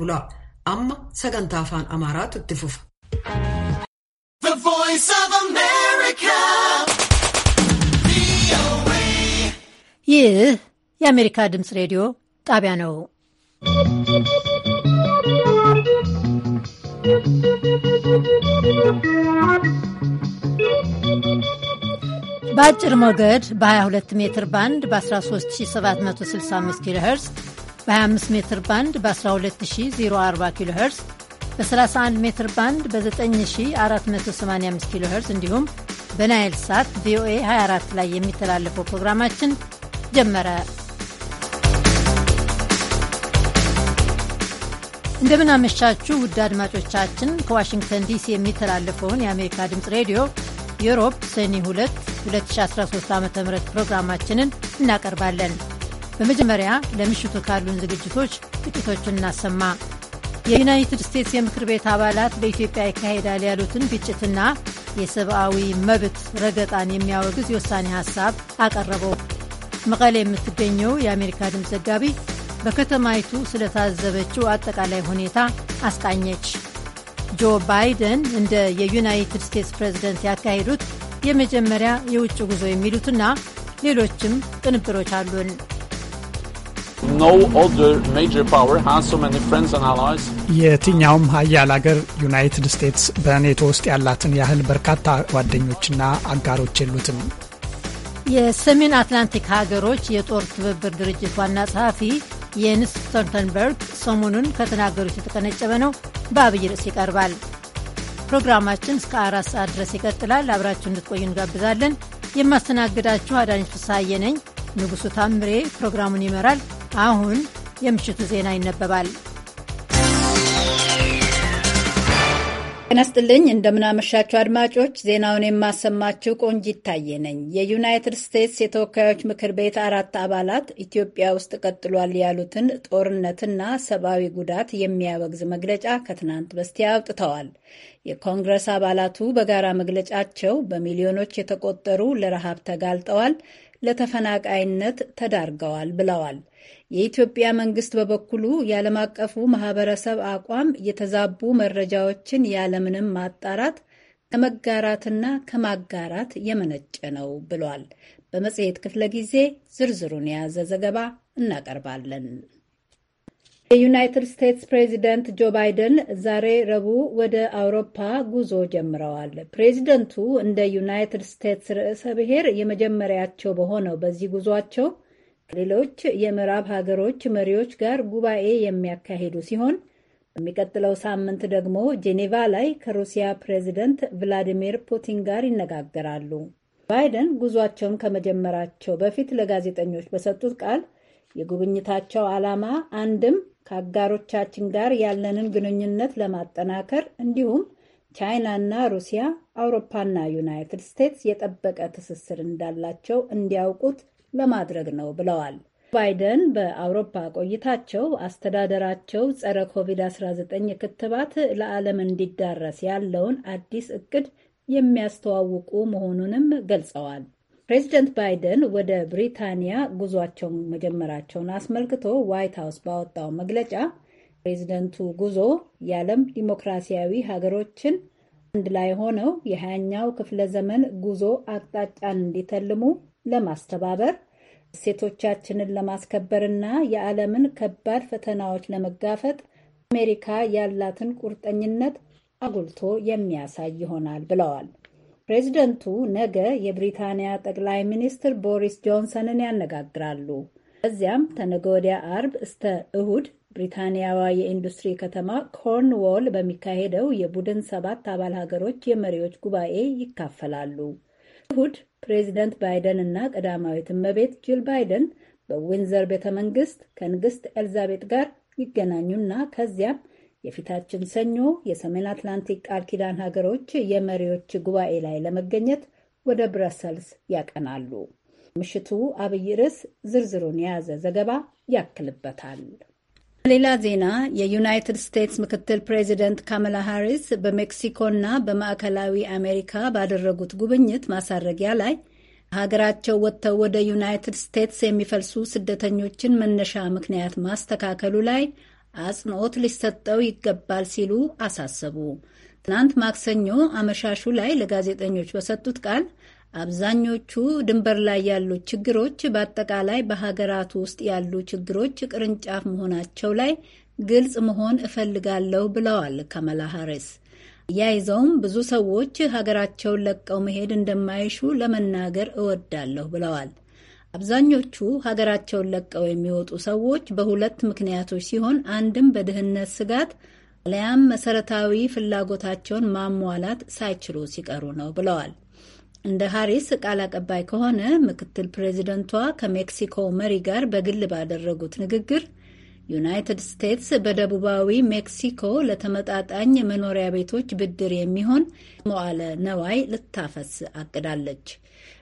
ብሏል። አማ ሰገንታ አፋን አማራት ትትፉፍ ይህ የአሜሪካ ድምፅ ሬዲዮ ጣቢያ ነው። በአጭር ሞገድ በ22 ሜትር ባንድ በ13765 ኪሎ ሄርዝ በ25 ሜትር ባንድ በ12040 ኪሎ ሄርስ በ31 ሜትር ባንድ በ9485 ኪሎ ሄርስ እንዲሁም በናይል ሳት ቪኦኤ 24 ላይ የሚተላለፈው ፕሮግራማችን ጀመረ። እንደምናመሻችሁ ውድ አድማጮቻችን፣ ከዋሽንግተን ዲሲ የሚተላለፈውን የአሜሪካ ድምፅ ሬዲዮ የሮብ ሰኔ 2 2013 ዓ ም ፕሮግራማችንን እናቀርባለን። በመጀመሪያ ለምሽቱ ካሉን ዝግጅቶች ጥቂቶችን እናሰማ። የዩናይትድ ስቴትስ የምክር ቤት አባላት በኢትዮጵያ ይካሄዳል ያሉትን ግጭትና የሰብአዊ መብት ረገጣን የሚያወግዝ የውሳኔ ሀሳብ አቀረበው መቀሌ የምትገኘው የአሜሪካ ድምፅ ዘጋቢ በከተማይቱ ስለታዘበችው አጠቃላይ ሁኔታ አስቃኘች። ጆ ባይደን እንደ የዩናይትድ ስቴትስ ፕሬዝደንት ያካሄዱት የመጀመሪያ የውጭ ጉዞ የሚሉትና ሌሎችም ቅንብሮች አሉን። የትኛውም ሀያል ሀገር ዩናይትድ ስቴትስ በኔቶ ውስጥ ያላትን ያህል በርካታ ጓደኞችና አጋሮች የሉትም። የሰሜን አትላንቲክ ሀገሮች የጦር ትብብር ድርጅት ዋና ጸሐፊ የንስ ስቶልተንበርግ ሰሞኑን ከተናገሩት የተቀነጨበ ነው። በአብይ ርዕስ ይቀርባል። ፕሮግራማችን እስከ አራት ሰዓት ድረስ ይቀጥላል። አብራችሁ እንድትቆዩ እንጋብዛለን። የማስተናግዳችሁ አዳነች ፍስሐዬ ነኝ። ንጉሡ ታምሬ ፕሮግራሙን ይመራል። አሁን የምሽቱ ዜና ይነበባል። ጤና እንደምናመሻቸው እንደምናመሻችሁ አድማጮች፣ ዜናውን የማሰማችው ቆንጅ ይታየ ነኝ። የዩናይትድ ስቴትስ የተወካዮች ምክር ቤት አራት አባላት ኢትዮጵያ ውስጥ ቀጥሏል ያሉትን ጦርነትና ሰብአዊ ጉዳት የሚያወግዝ መግለጫ ከትናንት በስቲያ አውጥተዋል። የኮንግረስ አባላቱ በጋራ መግለጫቸው በሚሊዮኖች የተቆጠሩ ለረሃብ ተጋልጠዋል፣ ለተፈናቃይነት ተዳርገዋል ብለዋል። የኢትዮጵያ መንግስት በበኩሉ የዓለም አቀፉ ማህበረሰብ አቋም የተዛቡ መረጃዎችን ያለምንም ማጣራት ከመጋራትና ከማጋራት የመነጨ ነው ብሏል። በመጽሔት ክፍለ ጊዜ ዝርዝሩን የያዘ ዘገባ እናቀርባለን። የዩናይትድ ስቴትስ ፕሬዚደንት ጆ ባይደን ዛሬ ረቡዕ ወደ አውሮፓ ጉዞ ጀምረዋል። ፕሬዚደንቱ እንደ ዩናይትድ ስቴትስ ርዕሰ ብሔር የመጀመሪያቸው በሆነው በዚህ ጉዟቸው ከሌሎች የምዕራብ ሀገሮች መሪዎች ጋር ጉባኤ የሚያካሂዱ ሲሆን በሚቀጥለው ሳምንት ደግሞ ጄኔቫ ላይ ከሩሲያ ፕሬዚደንት ቭላዲሚር ፑቲን ጋር ይነጋገራሉ። ባይደን ጉዟቸውን ከመጀመራቸው በፊት ለጋዜጠኞች በሰጡት ቃል የጉብኝታቸው ዓላማ አንድም ከአጋሮቻችን ጋር ያለንን ግንኙነት ለማጠናከር እንዲሁም ቻይናና ሩሲያ፣ አውሮፓና ዩናይትድ ስቴትስ የጠበቀ ትስስር እንዳላቸው እንዲያውቁት ለማድረግ ነው ብለዋል። ባይደን በአውሮፓ ቆይታቸው አስተዳደራቸው ጸረ ኮቪድ-19 ክትባት ለዓለም እንዲዳረስ ያለውን አዲስ እቅድ የሚያስተዋውቁ መሆኑንም ገልጸዋል። ፕሬዚደንት ባይደን ወደ ብሪታንያ ጉዟቸውን መጀመራቸውን አስመልክቶ ዋይት ሀውስ ባወጣው መግለጫ ፕሬዚደንቱ ጉዞ የዓለም ዲሞክራሲያዊ ሀገሮችን አንድ ላይ ሆነው የሃያኛው ክፍለ ዘመን ጉዞ አቅጣጫን እንዲተልሙ ለማስተባበር እሴቶቻችንን ለማስከበርና የዓለምን ከባድ ፈተናዎች ለመጋፈጥ አሜሪካ ያላትን ቁርጠኝነት አጉልቶ የሚያሳይ ይሆናል ብለዋል። ፕሬዚደንቱ ነገ የብሪታንያ ጠቅላይ ሚኒስትር ቦሪስ ጆንሰንን ያነጋግራሉ። በዚያም ተነገ ወዲያ አርብ እስተ እሁድ ብሪታንያዋ የኢንዱስትሪ ከተማ ኮርንዎል በሚካሄደው የቡድን ሰባት አባል ሀገሮች የመሪዎች ጉባኤ ይካፈላሉ። እሁድ ፕሬዚደንት ባይደን እና ቀዳማዊት እመቤት ጂል ባይደን በዊንዘር ቤተ መንግስት ከንግስት ኤልዛቤት ጋር ይገናኙና ከዚያም የፊታችን ሰኞ የሰሜን አትላንቲክ ቃል ኪዳን ሀገሮች የመሪዎች ጉባኤ ላይ ለመገኘት ወደ ብረሰልስ ያቀናሉ። ምሽቱ አብይ ርዕስ ዝርዝሩን የያዘ ዘገባ ያክልበታል። በሌላ ዜና የዩናይትድ ስቴትስ ምክትል ፕሬዚደንት ካመላ ሃሪስ በሜክሲኮና በማዕከላዊ አሜሪካ ባደረጉት ጉብኝት ማሳረጊያ ላይ ሀገራቸው ወጥተው ወደ ዩናይትድ ስቴትስ የሚፈልሱ ስደተኞችን መነሻ ምክንያት ማስተካከሉ ላይ አጽንኦት ሊሰጠው ይገባል ሲሉ አሳሰቡ። ትናንት ማክሰኞ አመሻሹ ላይ ለጋዜጠኞች በሰጡት ቃል አብዛኞቹ ድንበር ላይ ያሉ ችግሮች በአጠቃላይ በሀገራቱ ውስጥ ያሉ ችግሮች ቅርንጫፍ መሆናቸው ላይ ግልጽ መሆን እፈልጋለሁ ብለዋል ከመላ ሃሪስ። አያይዘውም ብዙ ሰዎች ሀገራቸውን ለቀው መሄድ እንደማይሹ ለመናገር እወዳለሁ ብለዋል። አብዛኞቹ ሀገራቸውን ለቀው የሚወጡ ሰዎች በሁለት ምክንያቶች ሲሆን አንድም በድህነት ስጋት አለያም መሰረታዊ ፍላጎታቸውን ማሟላት ሳይችሉ ሲቀሩ ነው ብለዋል። እንደ ሃሪስ ቃል አቀባይ ከሆነ ምክትል ፕሬዚደንቷ ከሜክሲኮ መሪ ጋር በግል ባደረጉት ንግግር ዩናይትድ ስቴትስ በደቡባዊ ሜክሲኮ ለተመጣጣኝ መኖሪያ ቤቶች ብድር የሚሆን መዋለ ነዋይ ልታፈስ አቅዳለች።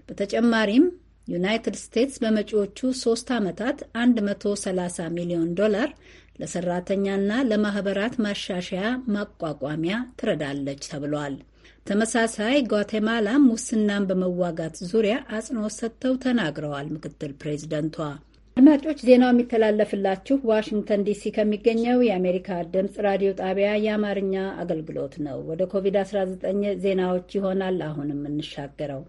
በተጨማሪም ዩናይትድ ስቴትስ በመጪዎቹ ሶስት ዓመታት 130 ሚሊዮን ዶላር ለሰራተኛና ለማህበራት ማሻሻያ ማቋቋሚያ ትረዳለች ተብሏል። ተመሳሳይ ጓቴማላ ሙስናን በመዋጋት ዙሪያ አጽንኦት ሰጥተው ተናግረዋል ምክትል ፕሬዚደንቷ። አድማጮች ዜናው የሚተላለፍላችሁ ዋሽንግተን ዲሲ ከሚገኘው የአሜሪካ ድምፅ ራዲዮ ጣቢያ የአማርኛ አገልግሎት ነው። ወደ ኮቪድ-19 ዜናዎች ይሆናል አሁን የምንሻገረው።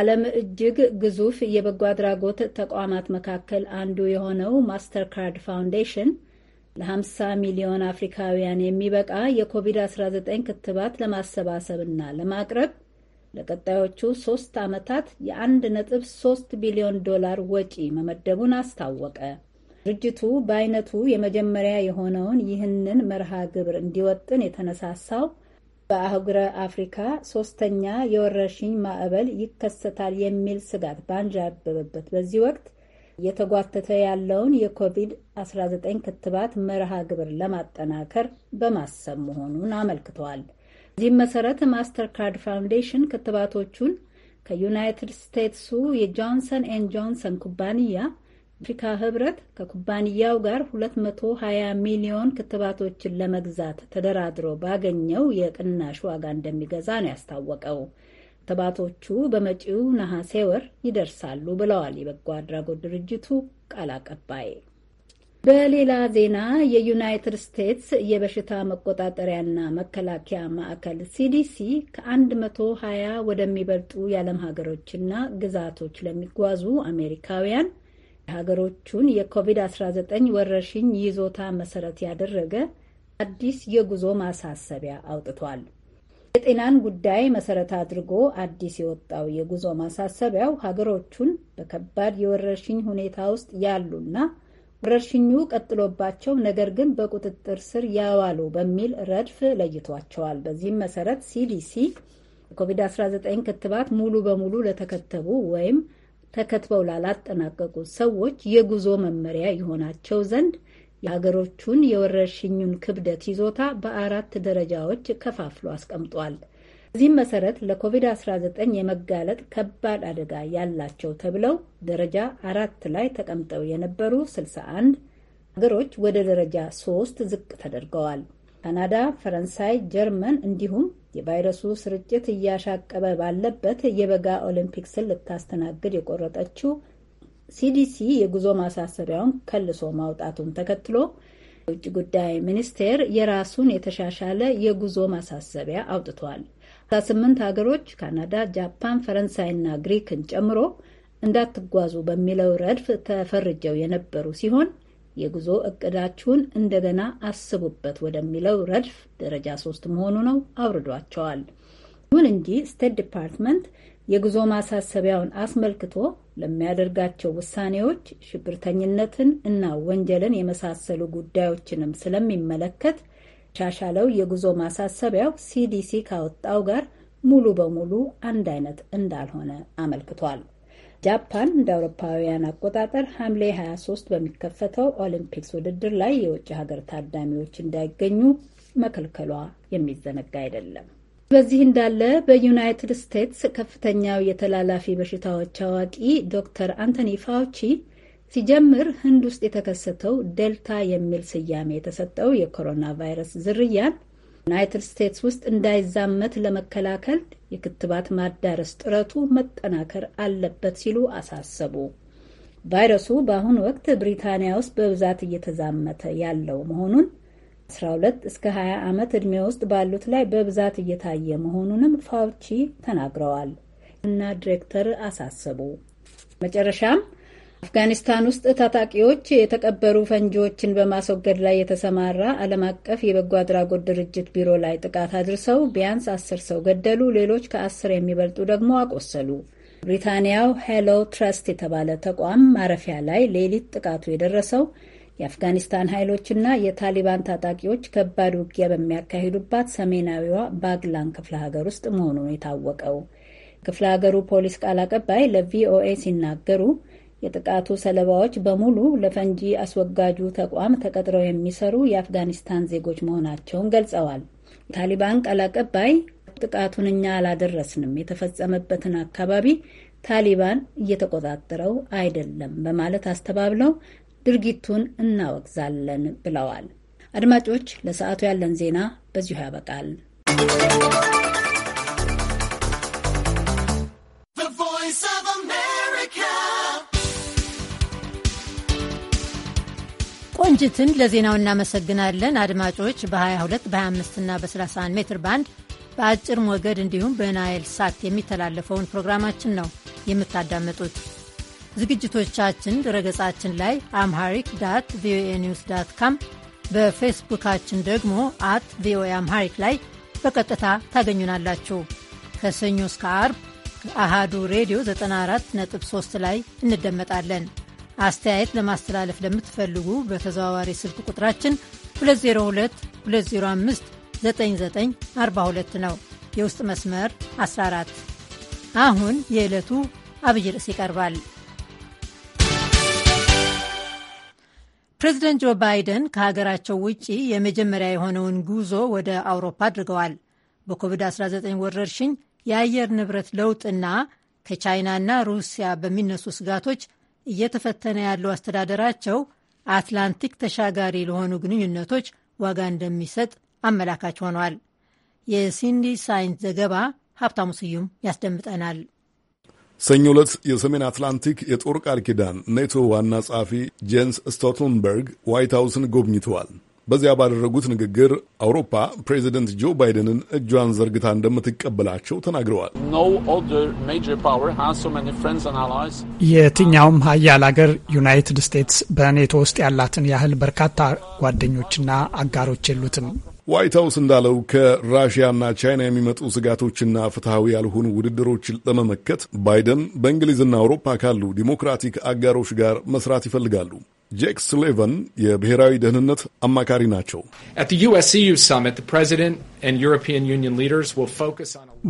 ዓለም እጅግ ግዙፍ የበጎ አድራጎት ተቋማት መካከል አንዱ የሆነው ማስተርካርድ ፋውንዴሽን ለ50 ሚሊዮን አፍሪካውያን የሚበቃ የኮቪድ-19 ክትባት ለማሰባሰብና ለማቅረብ ለቀጣዮቹ ሶስት ዓመታት የ ሶስት ቢሊዮን ዶላር ወጪ መመደቡን አስታወቀ። ድርጅቱ በአይነቱ የመጀመሪያ የሆነውን ይህንን መርሃ ግብር እንዲወጥን የተነሳሳው በአህጉረ አፍሪካ ሶስተኛ የወረርሽኝ ማዕበል ይከሰታል የሚል ስጋት ባንዣበበበት በዚህ ወቅት እየተጓተተ ያለውን የኮቪድ-19 ክትባት መርሃ ግብር ለማጠናከር በማሰብ መሆኑን አመልክተዋል። በዚህም መሰረት ማስተር ካርድ ፋውንዴሽን ክትባቶቹን ከዩናይትድ ስቴትሱ የጆንሰን ኤን ጆንሰን ኩባንያ አፍሪካ ህብረት ከኩባንያው ጋር 220 ሚሊዮን ክትባቶችን ለመግዛት ተደራድሮ ባገኘው የቅናሽ ዋጋ እንደሚገዛ ነው ያስታወቀው። ክትባቶቹ በመጪው ነሐሴ ወር ይደርሳሉ ብለዋል የበጎ አድራጎት ድርጅቱ ቃል አቀባይ። በሌላ ዜና የዩናይትድ ስቴትስ የበሽታ መቆጣጠሪያና መከላከያ ማዕከል ሲዲሲ ከ120 ወደሚበልጡ የዓለም ሀገሮችና ግዛቶች ለሚጓዙ አሜሪካውያን የሀገሮቹን የኮቪድ-19 ወረርሽኝ ይዞታ መሰረት ያደረገ አዲስ የጉዞ ማሳሰቢያ አውጥቷል። የጤናን ጉዳይ መሰረት አድርጎ አዲስ የወጣው የጉዞ ማሳሰቢያው ሀገሮቹን በከባድ የወረርሽኝ ሁኔታ ውስጥ ያሉና ወረርሽኙ ቀጥሎባቸው ነገር ግን በቁጥጥር ስር ያዋሉ በሚል ረድፍ ለይቷቸዋል። በዚህም መሰረት ሲዲሲ የኮቪድ-19 ክትባት ሙሉ በሙሉ ለተከተቡ ወይም ተከትበው ላላጠናቀቁ ሰዎች የጉዞ መመሪያ ይሆናቸው ዘንድ የሀገሮቹን የወረርሽኙን ክብደት ይዞታ በአራት ደረጃዎች ከፋፍሎ አስቀምጧል። በዚህም መሰረት ለኮቪድ-19 የመጋለጥ ከባድ አደጋ ያላቸው ተብለው ደረጃ አራት ላይ ተቀምጠው የነበሩ 61 ሀገሮች ወደ ደረጃ ሶስት ዝቅ ተደርገዋል። ካናዳ፣ ፈረንሳይ፣ ጀርመን እንዲሁም የቫይረሱ ስርጭት እያሻቀበ ባለበት የበጋ ኦሊምፒክስን ልታስተናግድ የቆረጠችው ሲዲሲ የጉዞ ማሳሰቢያውን ከልሶ ማውጣቱን ተከትሎ የውጭ ጉዳይ ሚኒስቴር የራሱን የተሻሻለ የጉዞ ማሳሰቢያ አውጥቷል። 18 ሀገሮች ካናዳ፣ ጃፓን፣ ፈረንሳይና ግሪክን ጨምሮ እንዳትጓዙ በሚለው ረድፍ ተፈርጀው የነበሩ ሲሆን የጉዞ እቅዳችሁን እንደገና አስቡበት ወደሚለው ረድፍ ደረጃ ሶስት መሆኑ ነው አውርዷቸዋል። ይሁን እንጂ ስቴት ዲፓርትመንት የጉዞ ማሳሰቢያውን አስመልክቶ ለሚያደርጋቸው ውሳኔዎች ሽብርተኝነትን እና ወንጀልን የመሳሰሉ ጉዳዮችንም ስለሚመለከት ሻሻለው የጉዞ ማሳሰቢያው ሲዲሲ ካወጣው ጋር ሙሉ በሙሉ አንድ አይነት እንዳልሆነ አመልክቷል። ጃፓን እንደ አውሮፓውያን አቆጣጠር ሐምሌ 23 በሚከፈተው ኦሊምፒክስ ውድድር ላይ የውጭ ሀገር ታዳሚዎች እንዳይገኙ መከልከሏ የሚዘነጋ አይደለም። በዚህ እንዳለ በዩናይትድ ስቴትስ ከፍተኛው የተላላፊ በሽታዎች አዋቂ ዶክተር አንቶኒ ፋውቺ ሲጀምር ህንድ ውስጥ የተከሰተው ዴልታ የሚል ስያሜ የተሰጠው የኮሮና ቫይረስ ዝርያን ዩናይትድ ስቴትስ ውስጥ እንዳይዛመት ለመከላከል የክትባት ማዳረስ ጥረቱ መጠናከር አለበት ሲሉ አሳሰቡ። ቫይረሱ በአሁኑ ወቅት ብሪታንያ ውስጥ በብዛት እየተዛመተ ያለው መሆኑን 12 እስከ 20 ዓመት ዕድሜ ውስጥ ባሉት ላይ በብዛት እየታየ መሆኑንም ፋውቺ ተናግረዋል እና ዲሬክተር አሳሰቡ። መጨረሻም አፍጋኒስታን ውስጥ ታጣቂዎች የተቀበሩ ፈንጂዎችን በማስወገድ ላይ የተሰማራ ዓለም አቀፍ የበጎ አድራጎት ድርጅት ቢሮ ላይ ጥቃት አድርሰው ቢያንስ አስር ሰው ገደሉ፣ ሌሎች ከአስር የሚበልጡ ደግሞ አቆሰሉ። ብሪታንያው ሄሎ ትረስት የተባለ ተቋም ማረፊያ ላይ ሌሊት ጥቃቱ የደረሰው የአፍጋኒስታን ኃይሎችና የታሊባን ታጣቂዎች ከባድ ውጊያ በሚያካሂዱባት ሰሜናዊዋ ባግላን ክፍለ ሀገር ውስጥ መሆኑ የታወቀው። ክፍለ ሀገሩ ፖሊስ ቃል አቀባይ ለቪኦኤ ሲናገሩ የጥቃቱ ሰለባዎች በሙሉ ለፈንጂ አስወጋጁ ተቋም ተቀጥረው የሚሰሩ የአፍጋኒስታን ዜጎች መሆናቸውን ገልጸዋል። የታሊባን ቃል አቀባይ ጥቃቱን እኛ አላደረስንም፣ የተፈጸመበትን አካባቢ ታሊባን እየተቆጣጠረው አይደለም በማለት አስተባብለው ድርጊቱን እናወግዛለን ብለዋል። አድማጮች፣ ለሰዓቱ ያለን ዜና በዚሁ ያበቃል። ቆንጅትን ለዜናው እናመሰግናለን። አድማጮች በ22 በ25 እና በ31 ሜትር ባንድ በአጭር ሞገድ እንዲሁም በናይል ሳት የሚተላለፈውን ፕሮግራማችን ነው የምታዳምጡት። ዝግጅቶቻችን ድረገጻችን ላይ አምሃሪክ ዳት ቪኦኤ ኒውስ ዳት ካም፣ በፌስቡካችን ደግሞ አት ቪኦኤ አምሃሪክ ላይ በቀጥታ ታገኙናላችሁ። ከሰኞ እስከ አርብ አሃዱ ሬዲዮ 94.3 ላይ እንደመጣለን። አስተያየት ለማስተላለፍ ለምትፈልጉ በተዘዋዋሪ ስልክ ቁጥራችን 2022059942 ነው፣ የውስጥ መስመር 14። አሁን የዕለቱ አብይ ርዕስ ይቀርባል። ፕሬዚደንት ጆ ባይደን ከሀገራቸው ውጪ የመጀመሪያ የሆነውን ጉዞ ወደ አውሮፓ አድርገዋል። በኮቪድ-19 ወረርሽኝ የአየር ንብረት ለውጥና ከቻይናና ሩሲያ በሚነሱ ስጋቶች እየተፈተነ ያለው አስተዳደራቸው አትላንቲክ ተሻጋሪ ለሆኑ ግንኙነቶች ዋጋ እንደሚሰጥ አመላካች ሆኗል። የሲንዲ ሳይንስ ዘገባ ሀብታሙ ስዩም ያስደምጠናል። ሰኞ ዕለት የሰሜን አትላንቲክ የጦር ቃል ኪዳን ኔቶ ዋና ጸሐፊ ጄንስ ስቶልተንበርግ ዋይት ሃውስን ጎብኝተዋል። በዚያ ባደረጉት ንግግር አውሮፓ ፕሬዚደንት ጆ ባይደንን እጇን ዘርግታ እንደምትቀበላቸው ተናግረዋል። የትኛውም ሀያል አገር ዩናይትድ ስቴትስ በኔቶ ውስጥ ያላትን ያህል በርካታ ጓደኞችና አጋሮች የሉትም። ዋይት ሀውስ እንዳለው ከራሽያና ቻይና የሚመጡ ስጋቶችና ፍትሐዊ ያልሆኑ ውድድሮች ለመመከት ባይደን በእንግሊዝና አውሮፓ ካሉ ዲሞክራቲክ አጋሮች ጋር መስራት ይፈልጋሉ። ጄክ ስሌቨን የብሔራዊ ደህንነት አማካሪ ናቸው።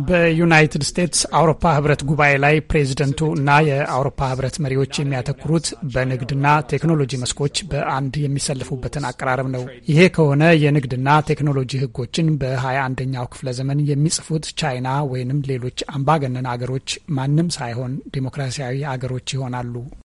በዩናይትድ ስቴትስ አውሮፓ ህብረት ጉባኤ ላይ ፕሬዚደንቱ እና የአውሮፓ ህብረት መሪዎች የሚያተኩሩት በንግድና ቴክኖሎጂ መስኮች በአንድ የሚሰልፉበትን አቀራረብ ነው። ይሄ ከሆነ የንግድና ቴክኖሎጂ ህጎችን በ21ኛው ክፍለ ዘመን የሚጽፉት ቻይና ወይንም ሌሎች አምባገነን አገሮች ማንም ሳይሆን ዴሞክራሲያዊ አገሮች ይሆናሉ።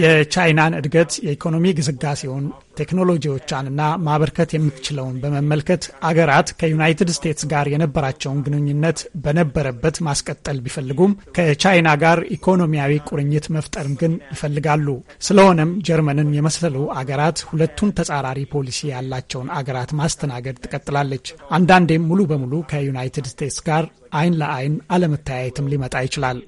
የቻይናን እድገት፣ የኢኮኖሚ ግስጋሴውን፣ ቴክኖሎጂዎቿንና ማበርከት የምትችለውን በመመልከት አገራት ከዩናይትድ ስቴትስ ጋር የነበራቸውን ግንኙነት በነበረበት ማስቀጠል ቢፈልጉም ከቻይና ጋር ኢኮኖሚያዊ ቁርኝት መፍጠርም ግን ይፈልጋሉ። ስለሆነም ጀርመንን የመሰሉ አገራት ሁለቱን ተጻራሪ ፖሊሲ ያላቸውን አገራት ማስተናገድ ትቀጥላለች። አንዳንዴም ሙሉ በሙሉ ከዩናይትድ ስቴትስ ጋር አይን ለአይን አለመተያየትም ሊመጣ ይችላል።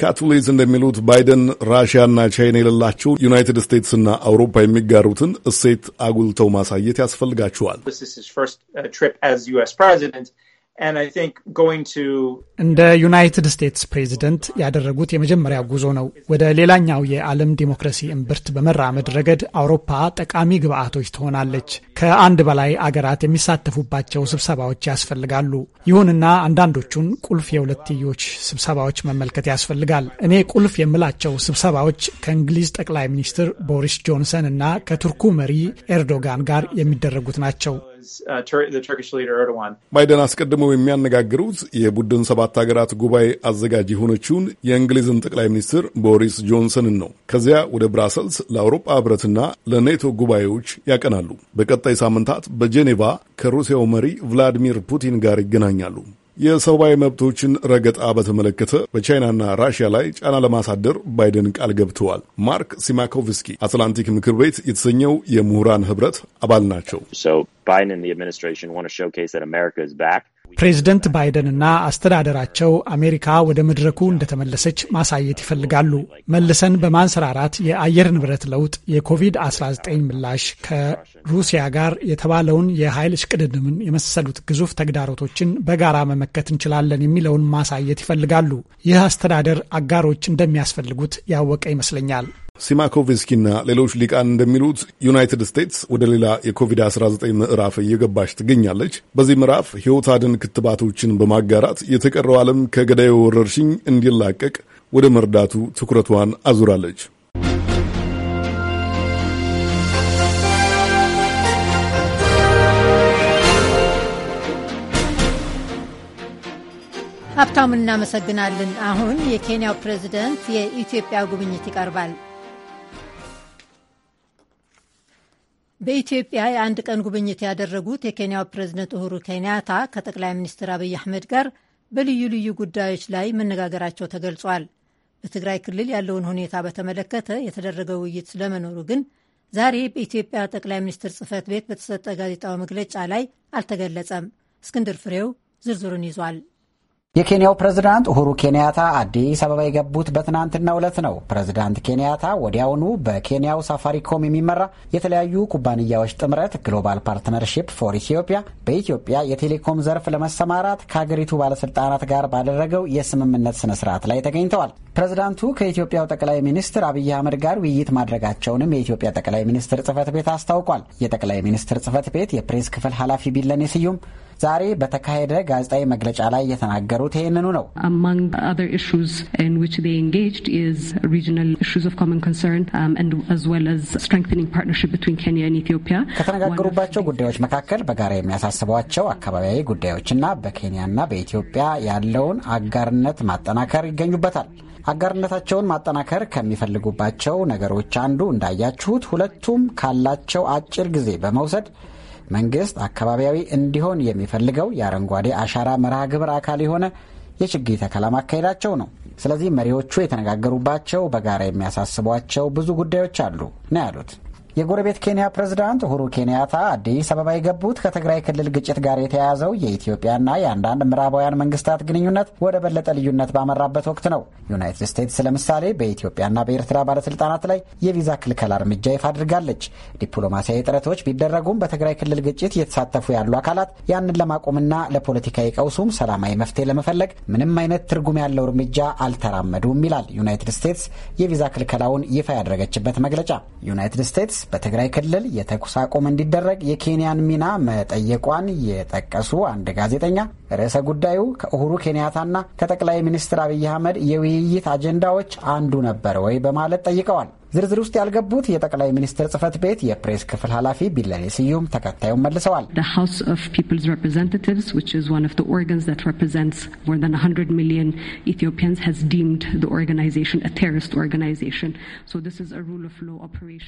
ካት ሌዝ እንደሚሉት ባይደን ራሽያና ቻይና የሌላቸው ዩናይትድ ስቴትስና አውሮፓ የሚጋሩትን እሴት አጉልተው ማሳየት ያስፈልጋቸዋል። uh, እንደ ዩናይትድ ስቴትስ ፕሬዚደንት ያደረጉት የመጀመሪያ ጉዞ ነው። ወደ ሌላኛው የዓለም ዲሞክራሲ እምብርት በመራመድ ረገድ አውሮፓ ጠቃሚ ግብአቶች ትሆናለች። ከአንድ በላይ አገራት የሚሳተፉባቸው ስብሰባዎች ያስፈልጋሉ። ይሁንና አንዳንዶቹን ቁልፍ የሁለትዮሽ ስብሰባዎች መመልከት ያስፈልጋል። እኔ ቁልፍ የምላቸው ስብሰባዎች ከእንግሊዝ ጠቅላይ ሚኒስትር ቦሪስ ጆንሰን እና ከቱርኩ መሪ ኤርዶጋን ጋር የሚደረጉት ናቸው። ባይደን አስቀድመው የሚያነጋግሩት የቡድን ሰባት ሀገራት ጉባኤ አዘጋጅ የሆነችውን የእንግሊዝን ጠቅላይ ሚኒስትር ቦሪስ ጆንሰንን ነው። ከዚያ ወደ ብራሰልስ ለአውሮፓ ህብረትና ለኔቶ ጉባኤዎች ያቀናሉ። በቀጣይ ሳምንታት በጄኔቫ ከሩሲያው መሪ ቭላዲሚር ፑቲን ጋር ይገናኛሉ። የሰብአዊ መብቶችን ረገጣ በተመለከተ በቻይናና ራሽያ ላይ ጫና ለማሳደር ባይደን ቃል ገብተዋል። ማርክ ሲማኮቭስኪ አትላንቲክ ምክር ቤት የተሰኘው የምሁራን ህብረት አባል ናቸው። ባይደን ፕሬዝደንት ባይደንና አስተዳደራቸው አሜሪካ ወደ መድረኩ እንደተመለሰች ማሳየት ይፈልጋሉ። መልሰን በማንሰራራት የአየር ንብረት ለውጥ፣ የኮቪድ-19 ምላሽ፣ ከሩሲያ ጋር የተባለውን የኃይል እሽቅድድምን የመሰሉት ግዙፍ ተግዳሮቶችን በጋራ መመከት እንችላለን የሚለውን ማሳየት ይፈልጋሉ። ይህ አስተዳደር አጋሮች እንደሚያስፈልጉት ያወቀ ይመስለኛል። ና ሌሎች ሊቃን እንደሚሉት ዩናይትድ ስቴትስ ወደ ሌላ የኮቪድ-19 ምዕራፍ እየገባች ትገኛለች። በዚህ ምዕራፍ ሕይወት አድን ክትባቶችን በማጋራት የተቀረው ዓለም ከገዳዩ ወረርሽኝ እንዲላቀቅ ወደ መርዳቱ ትኩረቷን አዙራለች። ሀብታሙን እናመሰግናለን። አሁን የኬንያው ፕሬዚደንት የኢትዮጵያ ጉብኝት ይቀርባል። በኢትዮጵያ የአንድ ቀን ጉብኝት ያደረጉት የኬንያው ፕሬዝደንት ኡሁሩ ኬንያታ ከጠቅላይ ሚኒስትር አብይ አህመድ ጋር በልዩ ልዩ ጉዳዮች ላይ መነጋገራቸው ተገልጿል። በትግራይ ክልል ያለውን ሁኔታ በተመለከተ የተደረገ ውይይት ስለመኖሩ ግን ዛሬ በኢትዮጵያ ጠቅላይ ሚኒስትር ጽህፈት ቤት በተሰጠ ጋዜጣዊ መግለጫ ላይ አልተገለጸም። እስክንድር ፍሬው ዝርዝሩን ይዟል። የኬንያው ፕሬዝዳንት ኡሁሩ ኬንያታ አዲስ አበባ የገቡት በትናንትናው ዕለት ነው። ፕሬዝዳንት ኬንያታ ወዲያውኑ በኬንያው ሳፋሪኮም የሚመራ የተለያዩ ኩባንያዎች ጥምረት ግሎባል ፓርትነርሺፕ ፎር ኢትዮጵያ በኢትዮጵያ የቴሌኮም ዘርፍ ለመሰማራት ከሀገሪቱ ባለስልጣናት ጋር ባደረገው የስምምነት ስነ ስርዓት ላይ ተገኝተዋል። ፕሬዝዳንቱ ከኢትዮጵያው ጠቅላይ ሚኒስትር አብይ አህመድ ጋር ውይይት ማድረጋቸውንም የኢትዮጵያ ጠቅላይ ሚኒስትር ጽህፈት ቤት አስታውቋል። የጠቅላይ ሚኒስትር ጽህፈት ቤት የፕሬስ ክፍል ኃላፊ ቢለኔ ስዩም ዛሬ በተካሄደ ጋዜጣዊ መግለጫ ላይ የተናገሩት ይህንኑ ነው። um, ከተነጋገሩባቸው ጉዳዮች መካከል በጋራ የሚያሳስቧቸው አካባቢያዊ ጉዳዮችና በኬንያና በኢትዮጵያ ያለውን አጋርነት ማጠናከር ይገኙበታል። አጋርነታቸውን ማጠናከር ከሚፈልጉባቸው ነገሮች አንዱ እንዳያችሁት ሁለቱም ካላቸው አጭር ጊዜ በመውሰድ መንግስት አካባቢያዊ እንዲሆን የሚፈልገው የአረንጓዴ አሻራ መርሃ ግብር አካል የሆነ የችግኝ ተከላ ማካሄዳቸው ነው። ስለዚህ መሪዎቹ የተነጋገሩባቸው በጋራ የሚያሳስቧቸው ብዙ ጉዳዮች አሉ ነው ያሉት። የጎረቤት ኬንያ ፕሬዝዳንት ሁሩ ኬንያታ አዲስ አበባ የገቡት ከትግራይ ክልል ግጭት ጋር የተያያዘው የኢትዮጵያና የአንዳንድ ምዕራባውያን መንግስታት ግንኙነት ወደ በለጠ ልዩነት ባመራበት ወቅት ነው። ዩናይትድ ስቴትስ ለምሳሌ በኢትዮጵያና በኤርትራ ባለስልጣናት ላይ የቪዛ ክልከላ እርምጃ ይፋ አድርጋለች። ዲፕሎማሲያዊ ጥረቶች ቢደረጉም በትግራይ ክልል ግጭት እየተሳተፉ ያሉ አካላት ያንን ለማቆምና ለፖለቲካዊ ቀውሱም ሰላማዊ መፍትሄ ለመፈለግ ምንም አይነት ትርጉም ያለው እርምጃ አልተራመዱም ይላል ዩናይትድ ስቴትስ የቪዛ ክልከላውን ይፋ ያደረገችበት መግለጫ ዩናይትድ ስቴትስ በትግራይ ክልል የተኩስ አቁም እንዲደረግ የኬንያን ሚና መጠየቋን የጠቀሱ አንድ ጋዜጠኛ ርዕሰ ጉዳዩ ከኡሁሩ ኬንያታና ከጠቅላይ ሚኒስትር አብይ አህመድ የውይይት አጀንዳዎች አንዱ ነበር ወይ በማለት ጠይቀዋል። ዝርዝር ውስጥ ያልገቡት የጠቅላይ ሚኒስትር ጽህፈት ቤት የፕሬስ ክፍል ኃላፊ ቢለኔ ስዩም ተከታዩን መልሰዋል።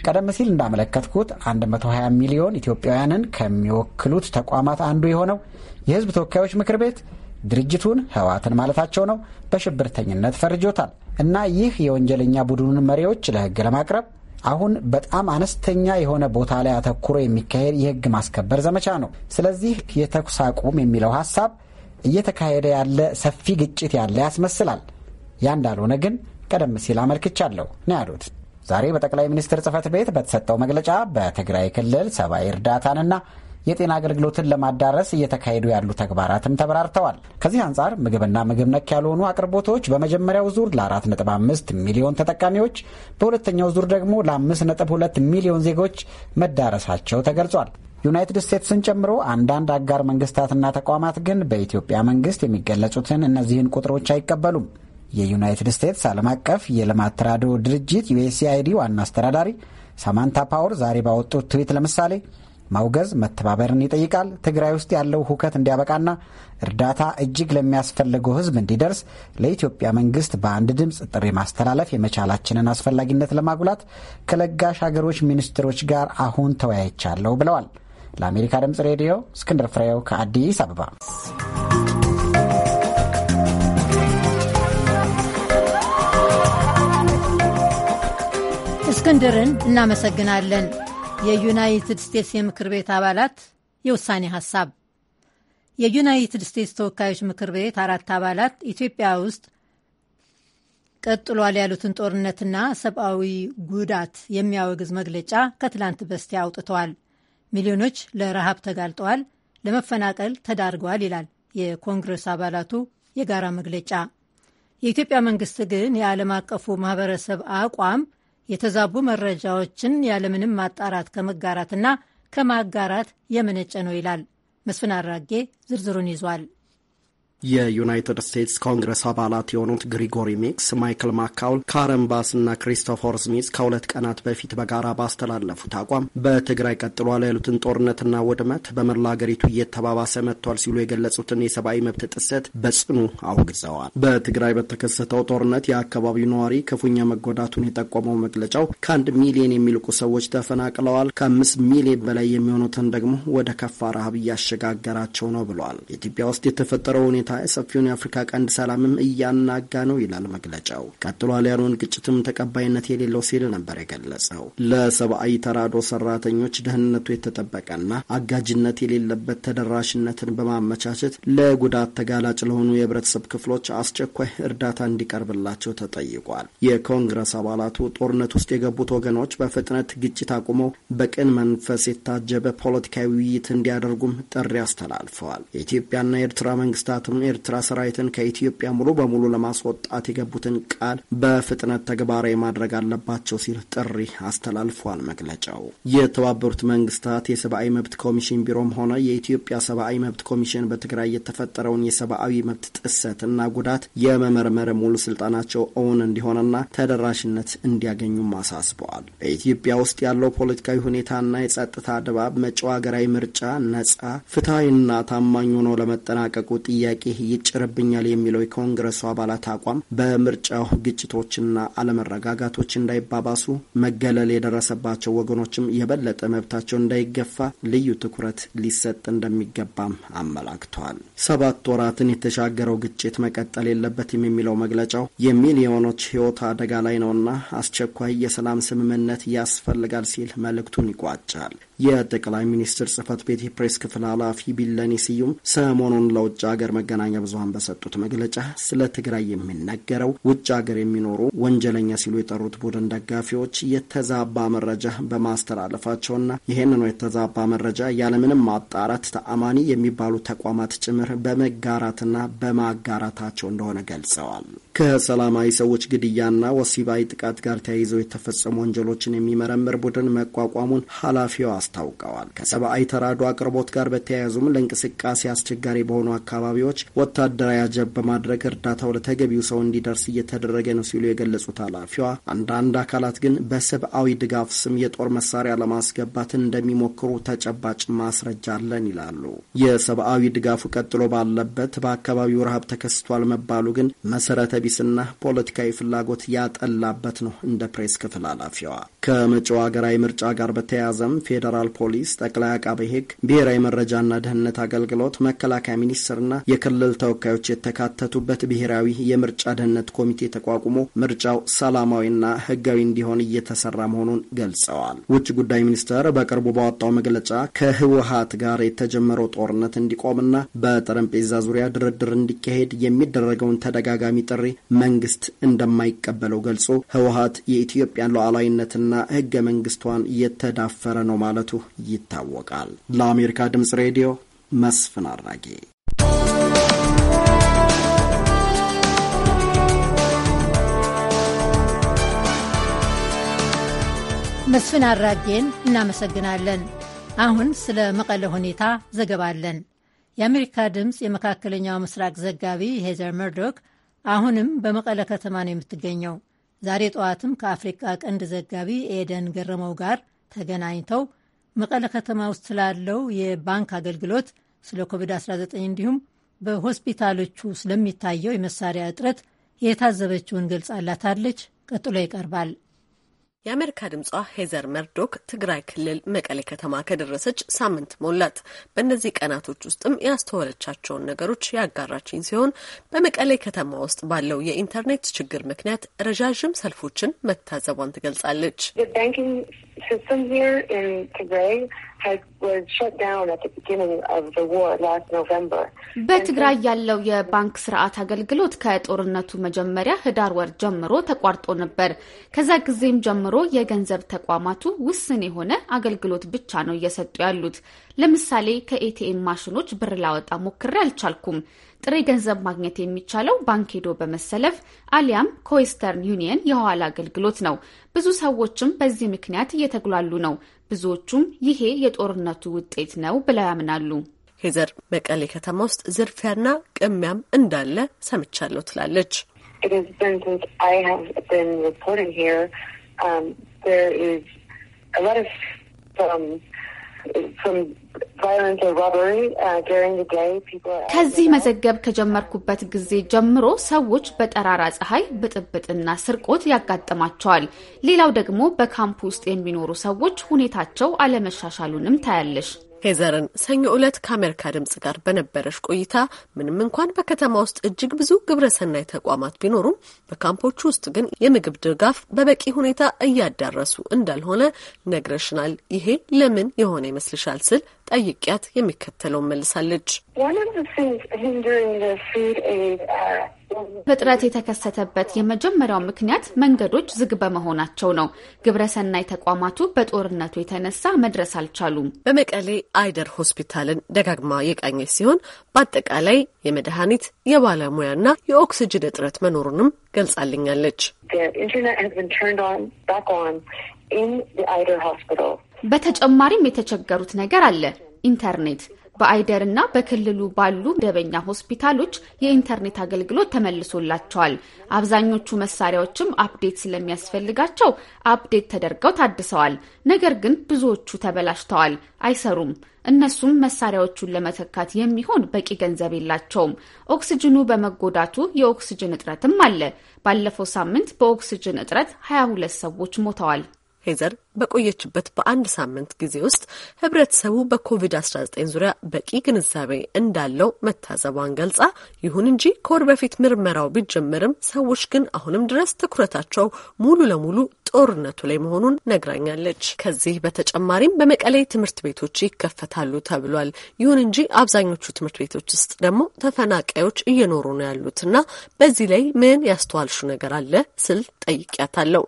ቀደም ሲል እንዳመለከትኩት 120 ሚሊዮን ኢትዮጵያውያንን ከሚወክሉት ተቋማት አንዱ የሆነው የህዝብ ተወካዮች ምክር ምክር ቤት ድርጅቱን ህወሓትን ማለታቸው ነው በሽብርተኝነት ፈርጆታል። እና ይህ የወንጀለኛ ቡድኑን መሪዎች ለህግ ለማቅረብ አሁን በጣም አነስተኛ የሆነ ቦታ ላይ አተኩሮ የሚካሄድ የህግ ማስከበር ዘመቻ ነው። ስለዚህ የተኩስ አቁም የሚለው ሀሳብ እየተካሄደ ያለ ሰፊ ግጭት ያለ ያስመስላል። ያ እንዳልሆነ ግን ቀደም ሲል አመልክቻለሁ ነው ያሉት። ዛሬ በጠቅላይ ሚኒስትር ጽህፈት ቤት በተሰጠው መግለጫ በትግራይ ክልል ሰብአዊ እርዳታንና የጤና አገልግሎትን ለማዳረስ እየተካሄዱ ያሉ ተግባራትም ተብራርተዋል። ከዚህ አንጻር ምግብና ምግብ ነክ ያልሆኑ አቅርቦቶች በመጀመሪያው ዙር ለ4.5 ሚሊዮን ተጠቃሚዎች፣ በሁለተኛው ዙር ደግሞ ለ5.2 ሚሊዮን ዜጎች መዳረሳቸው ተገልጿል። ዩናይትድ ስቴትስን ጨምሮ አንዳንድ አጋር መንግስታትና ተቋማት ግን በኢትዮጵያ መንግስት የሚገለጹትን እነዚህን ቁጥሮች አይቀበሉም። የዩናይትድ ስቴትስ ዓለም አቀፍ የልማት ተራድኦ ድርጅት ዩኤስኤአይዲ ዋና አስተዳዳሪ ሳማንታ ፓወር ዛሬ ባወጡት ትዊት ለምሳሌ ማውገዝ መተባበርን ይጠይቃል። ትግራይ ውስጥ ያለው ሁከት እንዲያበቃና እርዳታ እጅግ ለሚያስፈልገው ሕዝብ እንዲደርስ ለኢትዮጵያ መንግስት በአንድ ድምፅ ጥሪ ማስተላለፍ የመቻላችንን አስፈላጊነት ለማጉላት ከለጋሽ ሀገሮች ሚኒስትሮች ጋር አሁን ተወያይቻለሁ ብለዋል። ለአሜሪካ ድምፅ ሬዲዮ እስክንድር ፍሬው ከአዲስ አበባ። እስክንድርን እናመሰግናለን። የዩናይትድ ስቴትስ የምክር ቤት አባላት የውሳኔ ሀሳብ የዩናይትድ ስቴትስ ተወካዮች ምክር ቤት አራት አባላት ኢትዮጵያ ውስጥ ቀጥሏል ያሉትን ጦርነትና ሰብአዊ ጉዳት የሚያወግዝ መግለጫ ከትላንት በስቲያ አውጥተዋል። ሚሊዮኖች ለረሃብ ተጋልጠዋል፣ ለመፈናቀል ተዳርገዋል ይላል የኮንግረስ አባላቱ የጋራ መግለጫ። የኢትዮጵያ መንግስት ግን የዓለም አቀፉ ማህበረሰብ አቋም የተዛቡ መረጃዎችን ያለምንም ማጣራት ከመጋራትና ከማጋራት የመነጨ ነው ይላል። መስፍን አራጌ ዝርዝሩን ይዟል። የዩናይትድ ስቴትስ ኮንግረስ አባላት የሆኑት ግሪጎሪ ሚክስ፣ ማይክል ማካውል፣ ካረን ባስ እና ክሪስቶፈር ስሚዝ ከሁለት ቀናት በፊት በጋራ ባስተላለፉት አቋም በትግራይ ቀጥሏል ያሉትን ጦርነትና ውድመት በመላ አገሪቱ እየተባባሰ መጥቷል ሲሉ የገለጹትን የሰብአዊ መብት ጥሰት በጽኑ አውግዘዋል። በትግራይ በተከሰተው ጦርነት የአካባቢው ነዋሪ ክፉኛ መጎዳቱን የጠቆመው መግለጫው ከአንድ ሚሊዮን የሚልቁ ሰዎች ተፈናቅለዋል፣ ከአምስት ሚሊዮን በላይ የሚሆኑትን ደግሞ ወደ ከፋ ረሃብ እያሸጋገራቸው ነው ብሏል። ኢትዮጵያ ውስጥ የተፈጠረው ሁኔታ ሰፊውን የአፍሪካ ቀንድ ሰላምም እያናጋ ነው ይላል መግለጫው። ቀጥሏል ያለውን ግጭትም ተቀባይነት የሌለው ሲል ነበር የገለጸው። ለሰብአዊ ተራድኦ ሰራተኞች ደህንነቱ የተጠበቀና አጋጅነት የሌለበት ተደራሽነትን በማመቻቸት ለጉዳት ተጋላጭ ለሆኑ የህብረተሰብ ክፍሎች አስቸኳይ እርዳታ እንዲቀርብላቸው ተጠይቋል። የኮንግረስ አባላቱ ጦርነት ውስጥ የገቡት ወገኖች በፍጥነት ግጭት አቁመው በቅን መንፈስ የታጀበ ፖለቲካዊ ውይይት እንዲያደርጉም ጥሪ አስተላልፈዋል። የኢትዮጵያና የኤርትራ መንግስታትም የኤርትራ ሰራዊትን ከኢትዮጵያ ሙሉ በሙሉ ለማስወጣት የገቡትን ቃል በፍጥነት ተግባራዊ ማድረግ አለባቸው ሲል ጥሪ አስተላልፏል። መግለጫው የተባበሩት መንግስታት የሰብአዊ መብት ኮሚሽን ቢሮም ሆነ የኢትዮጵያ ሰብአዊ መብት ኮሚሽን በትግራይ የተፈጠረውን የሰብአዊ መብት ጥሰት እና ጉዳት የመመርመር ሙሉ ስልጣናቸው እውን እንዲሆነና ተደራሽነት እንዲያገኙም አሳስበዋል። በኢትዮጵያ ውስጥ ያለው ፖለቲካዊ ሁኔታና የጸጥታ ድባብ መጪው ሀገራዊ ምርጫ ነጻ፣ ፍትሐዊና ታማኝ ሆኖ ለመጠናቀቁ ጥያቄ ጥያቄ ይጭርብኛል የሚለው የኮንግረሱ አባላት አቋም በምርጫው ግጭቶችና አለመረጋጋቶች እንዳይባባሱ መገለል የደረሰባቸው ወገኖችም የበለጠ መብታቸው እንዳይገፋ ልዩ ትኩረት ሊሰጥ እንደሚገባም አመላክቷል። ሰባት ወራትን የተሻገረው ግጭት መቀጠል የለበትም የሚለው መግለጫው የሚሊዮኖች ሕይወት አደጋ ላይ ነውና አስቸኳይ የሰላም ስምምነት ያስፈልጋል ሲል መልእክቱን ይቋጫል። የጠቅላይ ሚኒስትር ጽህፈት ቤት የፕሬስ ክፍል ኃላፊ ቢለኔ ስዩም ሰሞኑን ለውጭ ሀገር መገናኛ ብዙሀን በሰጡት መግለጫ ስለ ትግራይ የሚነገረው ውጭ ሀገር የሚኖሩ ወንጀለኛ ሲሉ የጠሩት ቡድን ደጋፊዎች የተዛባ መረጃ በማስተላለፋቸውና ይህንኑ የተዛባ መረጃ ያለምንም ማጣራት ተአማኒ የሚባሉ ተቋማት ጭምር በመጋራትና በማጋራታቸው እንደሆነ ገልጸዋል። ከሰላማዊ ሰዎች ግድያና ወሲባዊ ጥቃት ጋር ተያይዘው የተፈጸሙ ወንጀሎችን የሚመረምር ቡድን መቋቋሙን ኃላፊዋ አስታውቀዋል። ከሰብአዊ ተራዶ አቅርቦት ጋር በተያያዙም ለእንቅስቃሴ አስቸጋሪ በሆኑ አካባቢዎች ወታደራዊ አጀብ በማድረግ እርዳታው ለተገቢው ሰው እንዲደርስ እየተደረገ ነው ሲሉ የገለጹት ኃላፊዋ አንዳንድ አካላት ግን በሰብአዊ ድጋፍ ስም የጦር መሳሪያ ለማስገባትን እንደሚሞክሩ ተጨባጭ ማስረጃ አለን ይላሉ። የሰብአዊ ድጋፉ ቀጥሎ ባለበት በአካባቢው ረሃብ ተከስቷል መባሉ ግን መሰረተ ቢስና ፖለቲካዊ ፍላጎት ያጠላበት ነው እንደ ፕሬስ ክፍል ኃላፊዋ ከመጪው ሀገራዊ ምርጫ ጋር በተያያዘም ፌዴራል ፌዴራል ፖሊስ፣ ጠቅላይ አቃቤ ሕግ፣ ብሔራዊ መረጃና ደህንነት አገልግሎት፣ መከላከያ ሚኒስቴርና የክልል ተወካዮች የተካተቱበት ብሔራዊ የምርጫ ደህንነት ኮሚቴ ተቋቁሞ ምርጫው ሰላማዊና ህጋዊ እንዲሆን እየተሰራ መሆኑን ገልጸዋል። ውጭ ጉዳይ ሚኒስቴር በቅርቡ ባወጣው መግለጫ ከህወሀት ጋር የተጀመረው ጦርነት እንዲቆምና በጠረጴዛ ዙሪያ ድርድር እንዲካሄድ የሚደረገውን ተደጋጋሚ ጥሪ መንግስት እንደማይቀበለው ገልጾ ህወሀት የኢትዮጵያን ሉዓላዊነትና ህገ መንግስቷን እየተዳፈረ ነው ማለት መሰንበቱ ይታወቃል። ለአሜሪካ ድምፅ ሬዲዮ መስፍን አራጌ። መስፍን አራጌን እናመሰግናለን። አሁን ስለ መቀለ ሁኔታ ዘገባ አለን። የአሜሪካ ድምፅ የመካከለኛው ምስራቅ ዘጋቢ ሄዘር መርዶክ አሁንም በመቀለ ከተማ ነው የምትገኘው። ዛሬ ጠዋትም ከአፍሪካ ቀንድ ዘጋቢ ኤደን ገረመው ጋር ተገናኝተው መቀለ ከተማ ውስጥ ስላለው የባንክ አገልግሎት፣ ስለ ኮቪድ-19 እንዲሁም በሆስፒታሎቹ ስለሚታየው የመሳሪያ እጥረት የታዘበችውን ገልጻላታለች። ቀጥሎ ይቀርባል። የአሜሪካ ድምጿ ሄዘር መርዶክ ትግራይ ክልል መቀሌ ከተማ ከደረሰች ሳምንት ሞላት። በእነዚህ ቀናቶች ውስጥም ያስተዋለቻቸውን ነገሮች ያጋራችኝ ሲሆን በመቀሌ ከተማ ውስጥ ባለው የኢንተርኔት ችግር ምክንያት ረዣዥም ሰልፎችን መታዘቧን ትገልጻለች። በትግራይ ያለው የባንክ ስርዓት አገልግሎት ከጦርነቱ መጀመሪያ ህዳር ወር ጀምሮ ተቋርጦ ነበር። ከዛ ጊዜም ጀምሮ የገንዘብ ተቋማቱ ውስን የሆነ አገልግሎት ብቻ ነው እየሰጡ ያሉት። ለምሳሌ ከኤቲኤም ማሽኖች ብር ላወጣ ሞክሬ አልቻልኩም። ጥሬ ገንዘብ ማግኘት የሚቻለው ባንክ ሄዶ በመሰለፍ አሊያም ከዌስተርን ዩኒየን የኋላ አገልግሎት ነው። ብዙ ሰዎችም በዚህ ምክንያት እየተጉላሉ ነው። ብዙዎቹም ይሄ የጦርነቱ ውጤት ነው ብለው ያምናሉ። ሄዘር መቀሌ ከተማ ውስጥ ዝርፊያና ቅሚያም እንዳለ ሰምቻለሁ ትላለች። Uh, ከዚህ መዘገብ ከጀመርኩበት ጊዜ ጀምሮ ሰዎች በጠራራ ፀሐይ ብጥብጥና ስርቆት ያጋጥማቸዋል። ሌላው ደግሞ በካምፕ ውስጥ የሚኖሩ ሰዎች ሁኔታቸው አለመሻሻሉንም ታያለሽ። ሄዘርን ሰኞ ዕለት ከአሜሪካ ድምጽ ጋር በነበረች ቆይታ ምንም እንኳን በከተማ ውስጥ እጅግ ብዙ ግብረሰናይ ተቋማት ቢኖሩም በካምፖቹ ውስጥ ግን የምግብ ድጋፍ በበቂ ሁኔታ እያዳረሱ እንዳልሆነ ነግረሽናል። ይሄ ለምን የሆነ ይመስልሻል ስል ጠይቂያት የሚከተለውን መልሳለች። እጥረት uh, የተከሰተበት የመጀመሪያው ምክንያት መንገዶች ዝግ በመሆናቸው ነው። ግብረሰናይ ተቋማቱ በጦርነቱ የተነሳ መድረስ አልቻሉም። በመቀሌ አይደር ሆስፒታልን ደጋግማ የቃኘች ሲሆን በአጠቃላይ የመድኃኒት የባለሙያና የኦክስጅን እጥረት መኖሩንም ገልጻልኛለች። በተጨማሪም የተቸገሩት ነገር አለ። ኢንተርኔት በአይደር እና በክልሉ ባሉ መደበኛ ሆስፒታሎች የኢንተርኔት አገልግሎት ተመልሶላቸዋል። አብዛኞቹ መሳሪያዎችም አፕዴት ስለሚያስፈልጋቸው አፕዴት ተደርገው ታድሰዋል። ነገር ግን ብዙዎቹ ተበላሽተዋል፣ አይሰሩም። እነሱም መሳሪያዎቹን ለመተካት የሚሆን በቂ ገንዘብ የላቸውም። ኦክስጅኑ በመጎዳቱ የኦክስጅን እጥረትም አለ። ባለፈው ሳምንት በኦክስጅን እጥረት 22 ሰዎች ሞተዋል። ሄዘር በቆየችበት በአንድ ሳምንት ጊዜ ውስጥ ህብረተሰቡ በኮቪድ-19 ዙሪያ በቂ ግንዛቤ እንዳለው መታዘቧን ገልጻ፣ ይሁን እንጂ ከወር በፊት ምርመራው ቢጀመርም ሰዎች ግን አሁንም ድረስ ትኩረታቸው ሙሉ ለሙሉ ጦርነቱ ላይ መሆኑን ነግራኛለች። ከዚህ በተጨማሪም በመቀሌ ትምህርት ቤቶች ይከፈታሉ ተብሏል። ይሁን እንጂ አብዛኞቹ ትምህርት ቤቶች ውስጥ ደግሞ ተፈናቃዮች እየኖሩ ነው ያሉትና በዚህ ላይ ምን ያስተዋልሹ ነገር አለ ስል ጠይቂያታለሁ።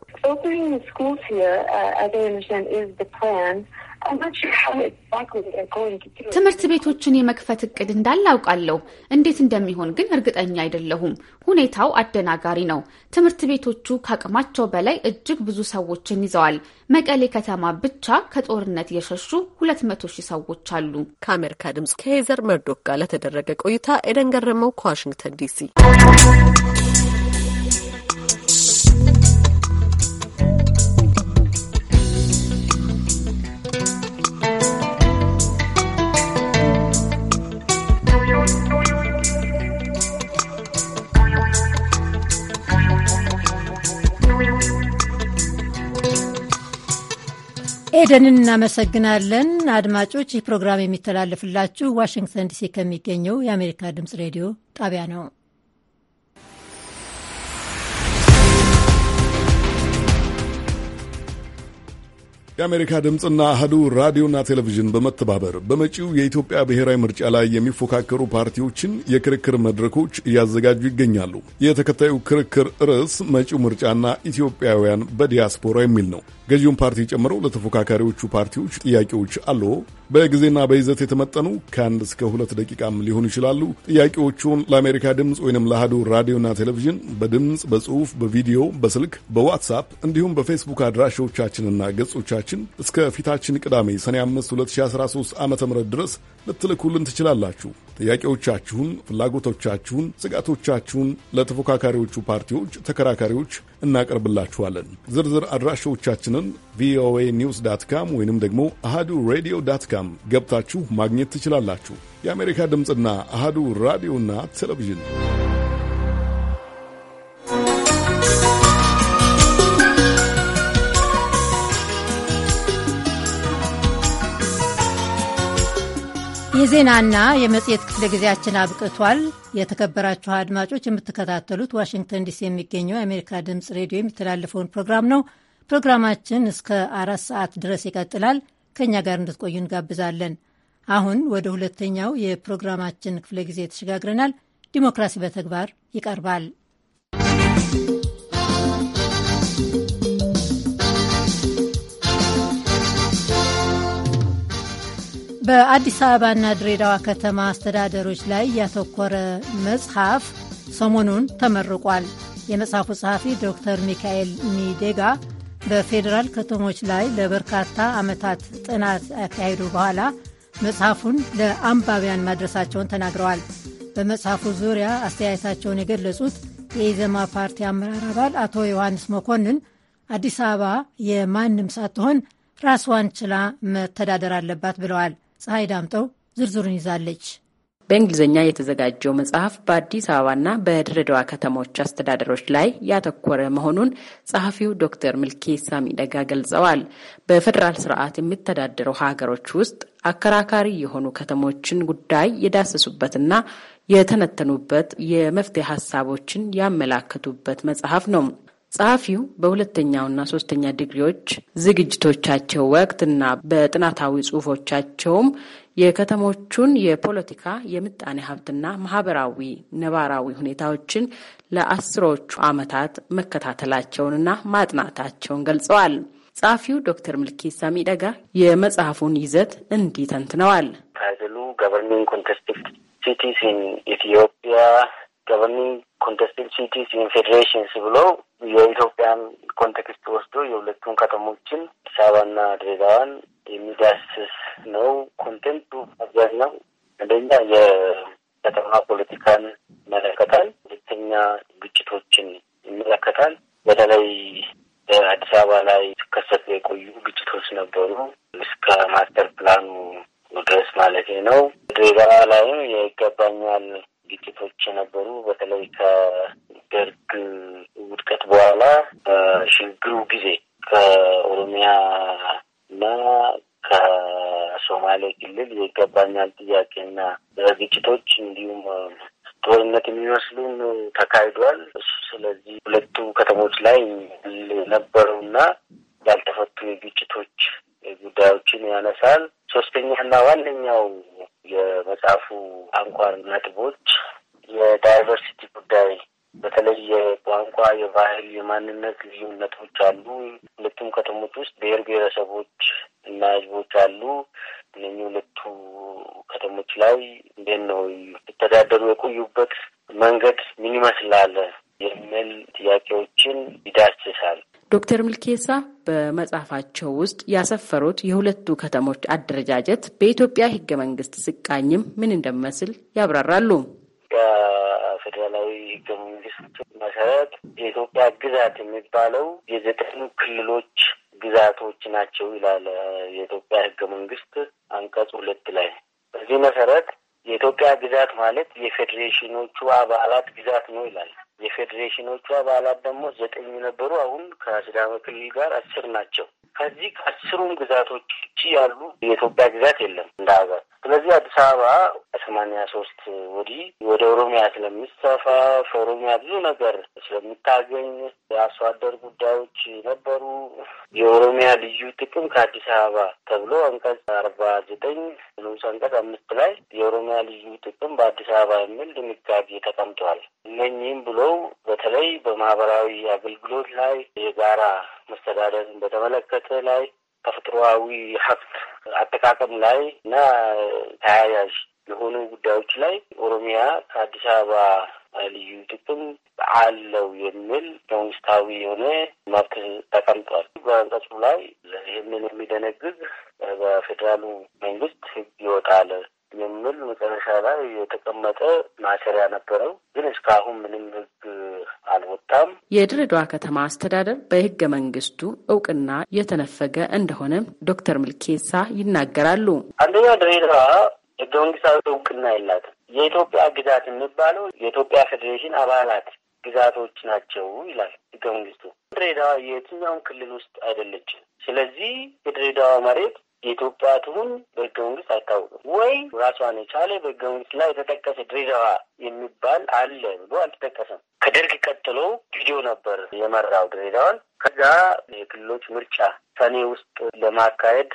ትምህርት ቤቶችን የመክፈት እቅድ እንዳለ አውቃለሁ። እንዴት እንደሚሆን ግን እርግጠኛ አይደለሁም። ሁኔታው አደናጋሪ ነው። ትምህርት ቤቶቹ ከአቅማቸው በላይ እጅግ ብዙ ሰዎችን ይዘዋል። መቀሌ ከተማ ብቻ ከጦርነት የሸሹ ሁለት መቶ ሺህ ሰዎች አሉ። ከአሜሪካ ድምጽ ከሄዘር መርዶክ ጋር ለተደረገ ቆይታ ኤደን ገረመው ከዋሽንግተን ዲሲ ኤደንን እናመሰግናለን። አድማጮች፣ ይህ ፕሮግራም የሚተላለፍላችሁ ዋሽንግተን ዲሲ ከሚገኘው የአሜሪካ ድምፅ ሬዲዮ ጣቢያ ነው። የአሜሪካ ድምፅና አህዱ ራዲዮና ቴሌቪዥን በመተባበር በመጪው የኢትዮጵያ ብሔራዊ ምርጫ ላይ የሚፎካከሩ ፓርቲዎችን የክርክር መድረኮች እያዘጋጁ ይገኛሉ። የተከታዩ ክርክር ርዕስ መጪው ምርጫና ኢትዮጵያውያን በዲያስፖራ የሚል ነው። ገዢውን ፓርቲ ጨምሮ ለተፎካካሪዎቹ ፓርቲዎች ጥያቄዎች አሉ። በጊዜና በይዘት የተመጠኑ ከአንድ እስከ ሁለት ደቂቃም ሊሆኑ ይችላሉ። ጥያቄዎቹን ለአሜሪካ ድምፅ ወይንም ለአህዱ ራዲዮና ቴሌቪዥን በድምፅ፣ በጽሁፍ፣ በቪዲዮ፣ በስልክ፣ በዋትሳፕ እንዲሁም በፌስቡክ አድራሻዎቻችንና ገጾቻችን እስከ ፊታችን ቅዳሜ ሰኔ 5 2013 ዓ ም ድረስ ልትልኩልን ትችላላችሁ። ጥያቄዎቻችሁን፣ ፍላጎቶቻችሁን፣ ስጋቶቻችሁን ለተፎካካሪዎቹ ፓርቲዎች ተከራካሪዎች እናቀርብላችኋለን። ዝርዝር አድራሻዎቻችንን ቪኦኤ ኒውስ ዳት ካም ወይንም ደግሞ አሃዱ ሬዲዮ ዳት ካም ገብታችሁ ማግኘት ትችላላችሁ። የአሜሪካ ድምፅና አሃዱ ራዲዮና ቴሌቪዥን የዜናና የመጽሔት ክፍለ ጊዜያችን አብቅቷል። የተከበራችሁ አድማጮች የምትከታተሉት ዋሽንግተን ዲሲ የሚገኘው የአሜሪካ ድምፅ ሬዲዮ የሚተላለፈውን ፕሮግራም ነው። ፕሮግራማችን እስከ አራት ሰዓት ድረስ ይቀጥላል። ከእኛ ጋር እንድትቆዩ እንጋብዛለን። አሁን ወደ ሁለተኛው የፕሮግራማችን ክፍለ ጊዜ ተሸጋግረናል። ዲሞክራሲ በተግባር ይቀርባል። በአዲስ አበባና ድሬዳዋ ከተማ አስተዳደሮች ላይ ያተኮረ መጽሐፍ ሰሞኑን ተመርቋል። የመጽሐፉ ጸሐፊ ዶክተር ሚካኤል ሚዴጋ በፌዴራል ከተሞች ላይ ለበርካታ ዓመታት ጥናት ያካሄዱ በኋላ መጽሐፉን ለአንባቢያን ማድረሳቸውን ተናግረዋል። በመጽሐፉ ዙሪያ አስተያየታቸውን የገለጹት የኢዘማ ፓርቲ አመራር አባል አቶ ዮሐንስ መኮንን አዲስ አበባ የማንም ሳትሆን ራስዋን ችላ መተዳደር አለባት ብለዋል። ፀሐይ ዳምጠው ዝርዝሩን ይዛለች። በእንግሊዝኛ የተዘጋጀው መጽሐፍ በአዲስ አበባና በድሬዳዋ ከተሞች አስተዳደሮች ላይ ያተኮረ መሆኑን ጸሐፊው ዶክተር ምልኬሳ ሚደጋ ገልጸዋል። በፌዴራል ስርዓት የሚተዳደሩ ሀገሮች ውስጥ አከራካሪ የሆኑ ከተሞችን ጉዳይ የዳሰሱበትና የተነተኑበት የመፍትሄ ሀሳቦችን ያመላከቱበት መጽሐፍ ነው። ጸሐፊው በሁለተኛውና ሶስተኛ ዲግሪዎች ዝግጅቶቻቸው ወቅት እና በጥናታዊ ጽሑፎቻቸውም የከተሞቹን የፖለቲካ የምጣኔ ሀብትና ማህበራዊ ነባራዊ ሁኔታዎችን ለአስሮቹ ዓመታት መከታተላቸውንና ማጥናታቸውን ገልጸዋል። ጸሐፊው ዶክተር ምልኬሳ ሚደጋ የመጽሐፉን ይዘት እንዲህ ተንትነዋል። ታይትሉ ገቨርኒንግ ኮንቴስቲንግ ሲቲስ ኢን ኢትዮጵያ ገቨርኒንግ ኮንቴስቲንግ ሲቲስ ኢን ፌዴሬሽንስ ብሎ የኢትዮጵያን ኮንቴክስት ወስዶ የሁለቱን ከተሞችን አዲስ አበባና ድሬዳዋን የሚዳስ ኬሳ በመጽሐፋቸው ውስጥ ያሰፈሩት የሁለቱ ከተሞች አደረጃጀት በኢትዮጵያ ህገ መንግስት ስቃኝም ምን እንደሚመስል ያብራራሉ። በፌዴራላዊ መንግስት መሰረት የኢትዮጵያ ግዛት የሚባለው የዘጠኝ ክልሎች ግዛቶች ናቸው ይላል የኢትዮጵያ ህገ መንግስት አንቀጽ ሁለት ላይ። በዚህ መሰረት የኢትዮጵያ ግዛት ማለት የፌዴሬሽኖቹ አባላት ግዛት ነው ይላል። የፌዴሬሽኖቹ አባላት ደግሞ ዘጠኝ ነበሩ። አሁን ከሲዳማ ክልል ጋር አስር ናቸው። ከዚህ ከአስሩም ግዛቶች ውጭ ያሉ የኢትዮጵያ ግዛት የለም እንደ ሀገር። ስለዚህ አዲስ አበባ ከሰማኒያ ሶስት ወዲህ ወደ ኦሮሚያ ስለሚሰፋ ከኦሮሚያ ብዙ ነገር ስለሚታገኝ የአርሶ አደር ጉዳዮች ነበሩ። የኦሮሚያ ልዩ ጥቅም ከአዲስ አበባ ተብሎ አንቀጽ አርባ ዘጠኝ ንዑስ አንቀጽ አምስት ላይ የኦሮሚያ ልዩ ጥቅም በአዲስ አበባ የሚል ድንጋጌ ተቀምጧል። እነኚህም ብለው በተለይ በማህበራዊ አገልግሎት ላይ የጋራ መስተዳደርን በተመለከተ ላይ ተፈጥሮዊ ሀብት አጠቃቀም ላይ እና ተያያዥ የሆኑ ጉዳዮች ላይ ኦሮሚያ ከአዲስ አበባ ልዩ ጥቅም አለው የሚል መንግስታዊ የሆነ መብት ተቀምጧል። በአንቀጹ ላይ ይህንን የሚደነግግ በፌዴራሉ መንግስት ህግ ይወጣል የሚል መጨረሻ ላይ የተቀመጠ ማሰሪያ ነበረው፣ ግን እስካሁን ምንም ህግ አልወጣም። የድሬዳዋ ከተማ አስተዳደር በህገ መንግስቱ እውቅና የተነፈገ እንደሆነም ዶክተር ምልኬሳ ይናገራሉ። አንደኛ ድሬዳዋ ህገ መንግስታዊ እውቅና የላትም። የኢትዮጵያ ግዛት የሚባለው የኢትዮጵያ ፌዴሬሽን አባላት ግዛቶች ናቸው ይላል ህገ መንግስቱ። ድሬዳዋ የትኛውም ክልል ውስጥ አይደለችም። ስለዚህ የድሬዳዋ መሬት የኢትዮጵያ ትሁን በህገ መንግስት አይታወቅም ወይ ራሷን የቻለ በህገ መንግስት ላይ የተጠቀሰ ድሬዳዋ የሚባል አለ ብሎ አልተጠቀሰም። ከደርግ ቀጥሎ ቪዲዮ ነበር የመራው ድሬዳዋን። ከዛ የክልሎች ምርጫ ሰኔ ውስጥ ለማካሄድ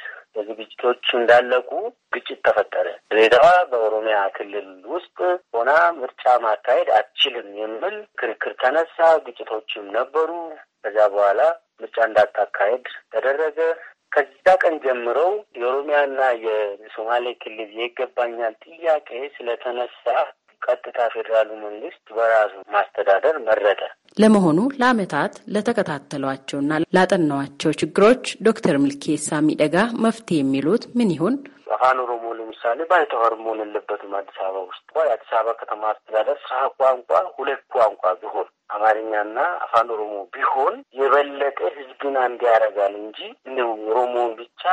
ዝግጅቶች እንዳለቁ ግጭት ተፈጠረ። ድሬዳዋ በኦሮሚያ ክልል ውስጥ ሆና ምርጫ ማካሄድ አትችልም የሚል ክርክር ተነሳ። ግጭቶችም ነበሩ። ከዛ በኋላ ምርጫ እንዳታካሄድ ተደረገ። ከዛ ቀን ጀምረው የኦሮሚያና የሶማሌ ክልል የይገባኛል ጥያቄ ስለተነሳ ቀጥታ ፌዴራሉ መንግስት በራሱ ማስተዳደር መረጠ። ለመሆኑ ለአመታት ለተከታተሏቸውና ላጠናዋቸው ችግሮች ዶክተር ምልኬሳ ሚደጋ መፍትሄ የሚሉት ምን ይሆን? አፋን ኦሮሞ ለምሳሌ ባይተዋር መሆን የለበትም። አዲስ አበባ ውስጥ የአዲስ አበባ ከተማ አስተዳደር ስራ ቋንቋ ሁለት ቋንቋ ቢሆን አማርኛና አፋን ኦሮሞ ቢሆን የበለጠ ህዝብን አንድ ያደርጋል እንጂ እንደው ኦሮሞን ብቻ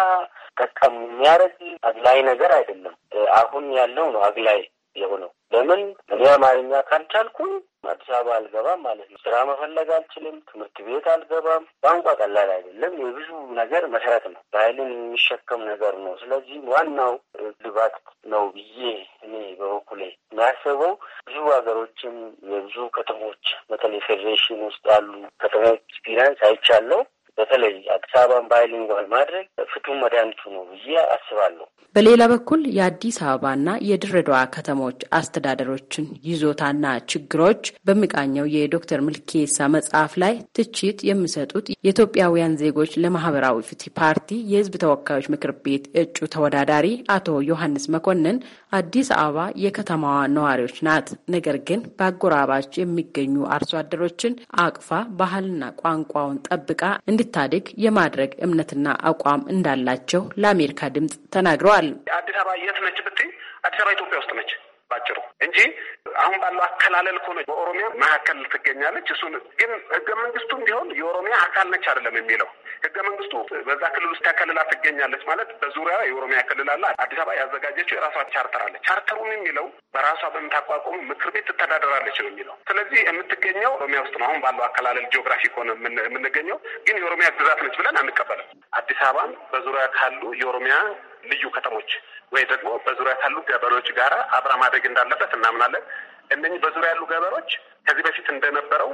ጠቀም የሚያደርግ አግላይ ነገር አይደለም። አሁን ያለው ነው አግላይ የሆነው። ለምን እኔ አማርኛ ካልቻልኩኝ አዲስ አበባ አልገባም ማለት ነው። ስራ መፈለግ አልችልም። ትምህርት ቤት አልገባም። ቋንቋ ቀላል አይደለም። የብዙ ነገር መሰረት ነው። ባህልን የሚሸከም ነገር ነው። ስለዚህ ዋናው ልባት ነው ብዬ እኔ በበኩሌ የሚያስበው ብዙ ሀገሮችም የብዙ ከተሞች በተለይ ፌዴሬሽን ውስጥ ያሉ ከተሞች ቢያንስ አይቻለው በተለይ አዲስ አበባን ባይሊንጓል ማድረግ ፍቱ መድኃኒቱ ነው ብዬ አስባለሁ። በሌላ በኩል የአዲስ አበባና የድሬዳዋ ከተሞች አስተዳደሮችን ይዞታና ችግሮች በሚቃኘው የዶክተር ምልኬሳ መጽሐፍ ላይ ትችት የሚሰጡት የኢትዮጵያውያን ዜጎች ለማህበራዊ ፍትህ ፓርቲ የህዝብ ተወካዮች ምክር ቤት እጩ ተወዳዳሪ አቶ ዮሐንስ መኮንን አዲስ አበባ የከተማዋ ነዋሪዎች ናት። ነገር ግን በአጎራባች የሚገኙ አርሶ አደሮችን አቅፋ ባህልና ቋንቋውን ጠብቃ እንድታድግ የማድረግ እምነትና አቋም እንዳላቸው ለአሜሪካ ድምጽ ተናግረዋል። አዲስ አበባ የት ነች ብትይ፣ አዲስ አበባ ኢትዮጵያ ውስጥ ነች። ባጭሩ እንጂ አሁን ባለው አከላለል ከሆነ በኦሮሚያ መካከል ትገኛለች። እሱን ግን ህገ መንግስቱም ቢሆን የኦሮሚያ አካል ነች አይደለም የሚለው ህገ መንግስቱ በዛ ክልል ውስጥ ያከልላ ትገኛለች ማለት በዙሪያ የኦሮሚያ ክልል አለ። አዲስ አበባ ያዘጋጀችው የራሷ ቻርተር አለ። ቻርተሩን የሚለው በራሷ በምታቋቁም ምክር ቤት ትተዳደራለች ነው የሚለው። ስለዚህ የምትገኘው ኦሮሚያ ውስጥ ነው። አሁን ባለው አከላለል ጂኦግራፊ ሆነ የምንገኘው ግን የኦሮሚያ ግዛት ነች ብለን አንቀበልም። አዲስ አበባን በዙሪያ ካሉ የኦሮሚያ ልዩ ከተሞች ወይ ደግሞ በዙሪያ ካሉ ገበሬዎች ጋር አብራ ማደግ እንዳለበት እናምናለን። እነኚህ በዙሪያ ያሉ ገበሬዎች ከዚህ በፊት እንደነበረው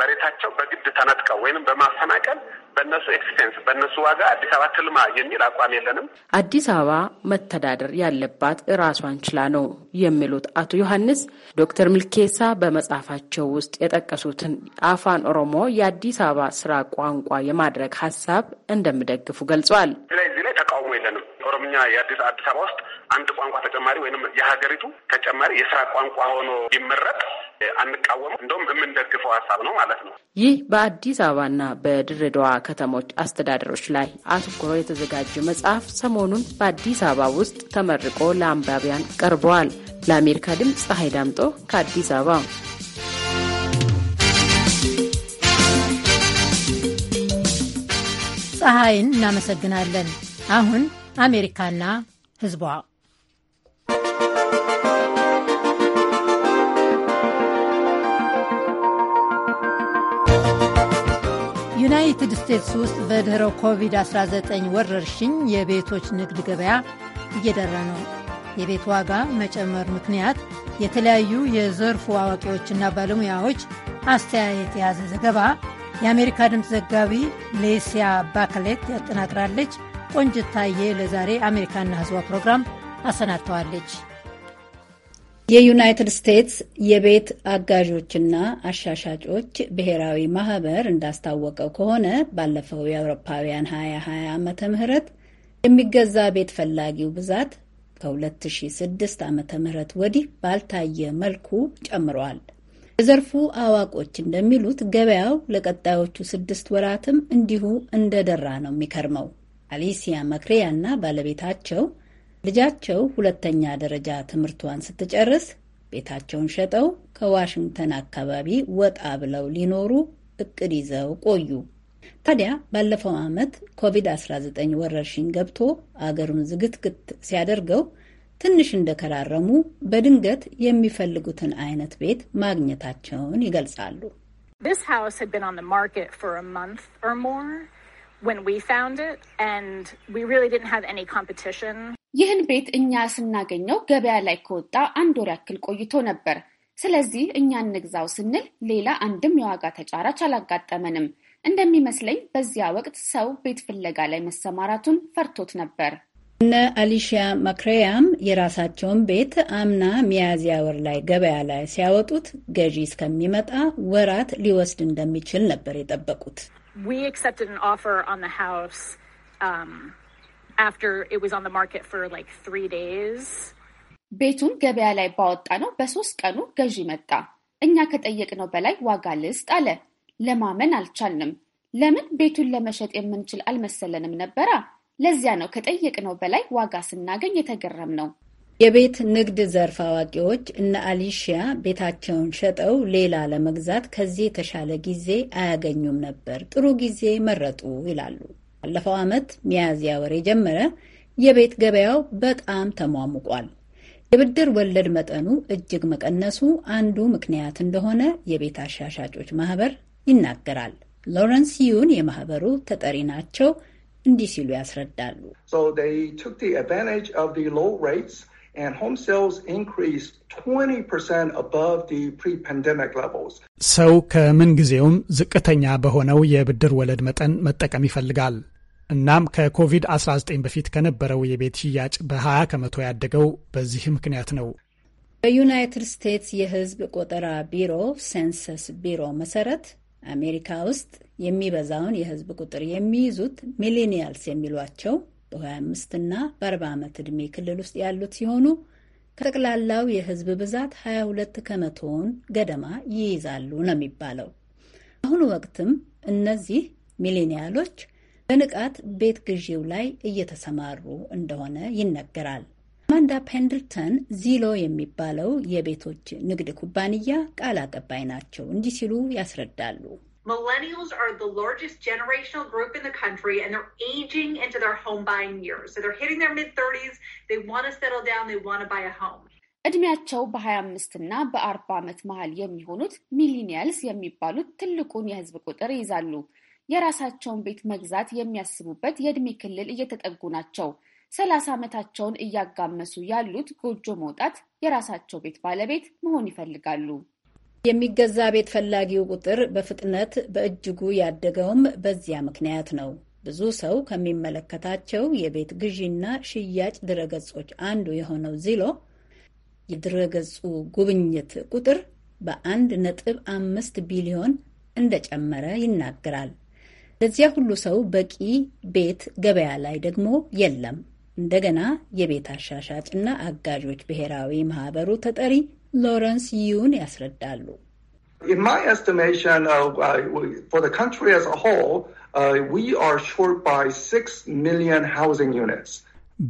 መሬታቸው በግድ ተነጥቀው ወይም በማፈናቀል በእነሱ ኤክስፔንስ በእነሱ ዋጋ አዲስ አበባ ትልማ የሚል አቋም የለንም። አዲስ አበባ መተዳደር ያለባት ራሷን ችላ ነው የሚሉት አቶ ዮሐንስ ዶክተር ምልኬሳ በመጽሐፋቸው ውስጥ የጠቀሱትን አፋን ኦሮሞ የአዲስ አበባ ስራ ቋንቋ የማድረግ ሀሳብ እንደሚደግፉ ገልጿል። እዚህ ላይ ተቃውሞ የለንም። ኦሮምኛ የአዲስ አዲስ አበባ ውስጥ አንድ ቋንቋ ተጨማሪ ወይም የሀገሪቱ ተጨማሪ የስራ ቋንቋ ሆኖ ይመረጥ አንቃወምም። እንደውም የምንደግፈው ሀሳብ ነው ማለት ነው። ይህ በአዲስ አበባና በድሬዳዋ ከተሞች አስተዳደሮች ላይ አትኩሮ የተዘጋጀ መጽሐፍ ሰሞኑን በአዲስ አበባ ውስጥ ተመርቆ ለአንባቢያን ቀርበዋል። ለአሜሪካ ድምፅ ፀሐይ ዳምጦ ከአዲስ አበባ ፀሐይን እናመሰግናለን። አሁን አሜሪካና ህዝቧ ዩናይትድ ስቴትስ ውስጥ በድኅረ ኮቪድ-19 ወረርሽኝ የቤቶች ንግድ ገበያ እየደራ ነው። የቤት ዋጋ መጨመር ምክንያት የተለያዩ የዘርፉ አዋቂዎችና ባለሙያዎች አስተያየት የያዘ ዘገባ የአሜሪካ ድምፅ ዘጋቢ ሌሲያ ባክሌት ያጠናቅራለች። ቆንጅታዬ ለዛሬ አሜሪካና ህዝቧ ፕሮግራም አሰናድተዋለች። የዩናይትድ ስቴትስ የቤት አጋዦችና አሻሻጮች ብሔራዊ ማህበር እንዳስታወቀው ከሆነ ባለፈው የአውሮፓውያን 2020 ዓመተ ምህረት የሚገዛ ቤት ፈላጊው ብዛት ከ2006 ዓመተ ምህረት ወዲህ ባልታየ መልኩ ጨምሯል። የዘርፉ አዋቆች እንደሚሉት ገበያው ለቀጣዮቹ ስድስት ወራትም እንዲሁ እንደደራ ነው የሚከርመው። አሊሲያ መክሬያ እና ባለቤታቸው ልጃቸው ሁለተኛ ደረጃ ትምህርቷን ስትጨርስ ቤታቸውን ሸጠው ከዋሽንግተን አካባቢ ወጣ ብለው ሊኖሩ እቅድ ይዘው ቆዩ። ታዲያ ባለፈው ዓመት ኮቪድ-19 ወረርሽኝ ገብቶ አገሩን ዝግትግት ሲያደርገው ትንሽ እንደከራረሙ በድንገት የሚፈልጉትን አይነት ቤት ማግኘታቸውን ይገልጻሉ። when we found it and we really didn't have any competition ይህን ቤት እኛ ስናገኘው ገበያ ላይ ከወጣ አንድ ወር ያክል ቆይቶ ነበር። ስለዚህ እኛ እንግዛው ስንል ሌላ አንድም የዋጋ ተጫራች አላጋጠመንም። እንደሚመስለኝ በዚያ ወቅት ሰው ቤት ፍለጋ ላይ መሰማራቱን ፈርቶት ነበር። እነ አሊሺያ ማክሬያም የራሳቸውን ቤት አምና ሚያዝያ ወር ላይ ገበያ ላይ ሲያወጡት ገዢ እስከሚመጣ ወራት ሊወስድ እንደሚችል ነበር የጠበቁት። we accepted an offer on the house um, after it was on the market for like three days. ቤቱን ገበያ ላይ ባወጣ ነው በሶስት ቀኑ ገዢ መጣ። እኛ ከጠየቅነው በላይ ዋጋ ልስጥ አለ። ለማመን አልቻልንም። ለምን ቤቱን ለመሸጥ የምንችል አልመሰለንም ነበራ። ለዚያ ነው ከጠየቅነው በላይ ዋጋ ስናገኝ የተገረም ነው። የቤት ንግድ ዘርፍ አዋቂዎች እነ አሊሺያ ቤታቸውን ሸጠው ሌላ ለመግዛት ከዚህ የተሻለ ጊዜ አያገኙም ነበር፣ ጥሩ ጊዜ መረጡ ይላሉ። ባለፈው ዓመት ሚያዝያ ወር የጀመረ የቤት ገበያው በጣም ተሟሙቋል። የብድር ወለድ መጠኑ እጅግ መቀነሱ አንዱ ምክንያት እንደሆነ የቤት አሻሻጮች ማህበር ይናገራል። ሎረንስ ዩን የማህበሩ ተጠሪ ናቸው። እንዲህ ሲሉ ያስረዳሉ። ሰው ከምን ጊዜውም ዝቅተኛ በሆነው የብድር ወለድ መጠን መጠቀም ይፈልጋል። እናም ከኮቪድ-19 በፊት ከነበረው የቤት ሽያጭ በ20 ከመቶ ያደገው በዚህ ምክንያት ነው። በዩናይትድ ስቴትስ የሕዝብ ቆጠራ ቢሮ ሴንሰስ ቢሮ መሰረት አሜሪካ ውስጥ የሚበዛውን የሕዝብ ቁጥር የሚይዙት ሚሌኒያልስ የሚሏቸው በ25 እና በ40 ዓመት ዕድሜ ክልል ውስጥ ያሉት ሲሆኑ ከጠቅላላው የህዝብ ብዛት 22 ከመቶውን ገደማ ይይዛሉ ነው የሚባለው። በአሁኑ ወቅትም እነዚህ ሚሌኒያሎች በንቃት ቤት ግዢው ላይ እየተሰማሩ እንደሆነ ይነገራል። አማንዳ ፔንድልተን ዚሎ የሚባለው የቤቶች ንግድ ኩባንያ ቃል አቀባይ ናቸው። እንዲህ ሲሉ ያስረዳሉ። Millennials are the largest generational group in the country and they're aging into their home buying years. So they're hitting their mid 30s, they want to settle down, they want to buy a home. እድሜያቸው በ25 እና በ40 ዓመት መሀል የሚሆኑት ሚሊኒያልስ የሚባሉት ትልቁን የህዝብ ቁጥር ይይዛሉ። የራሳቸውን ቤት መግዛት የሚያስቡበት የእድሜ ክልል እየተጠጉ ናቸው። 30 ዓመታቸውን እያጋመሱ ያሉት ጎጆ መውጣት፣ የራሳቸው ቤት ባለቤት መሆን ይፈልጋሉ። የሚገዛ ቤት ፈላጊው ቁጥር በፍጥነት በእጅጉ ያደገውም በዚያ ምክንያት ነው። ብዙ ሰው ከሚመለከታቸው የቤት ግዢና ሽያጭ ድረገጾች አንዱ የሆነው ዚሎ የድረገጹ ጉብኝት ቁጥር በአንድ ነጥብ አምስት ቢሊዮን እንደጨመረ ይናገራል። ለዚያ ሁሉ ሰው በቂ ቤት ገበያ ላይ ደግሞ የለም። እንደገና የቤት አሻሻጭና አጋዦች ብሔራዊ ማህበሩ ተጠሪ ሎረንስ ዩን ያስረዳሉ። uh, uh,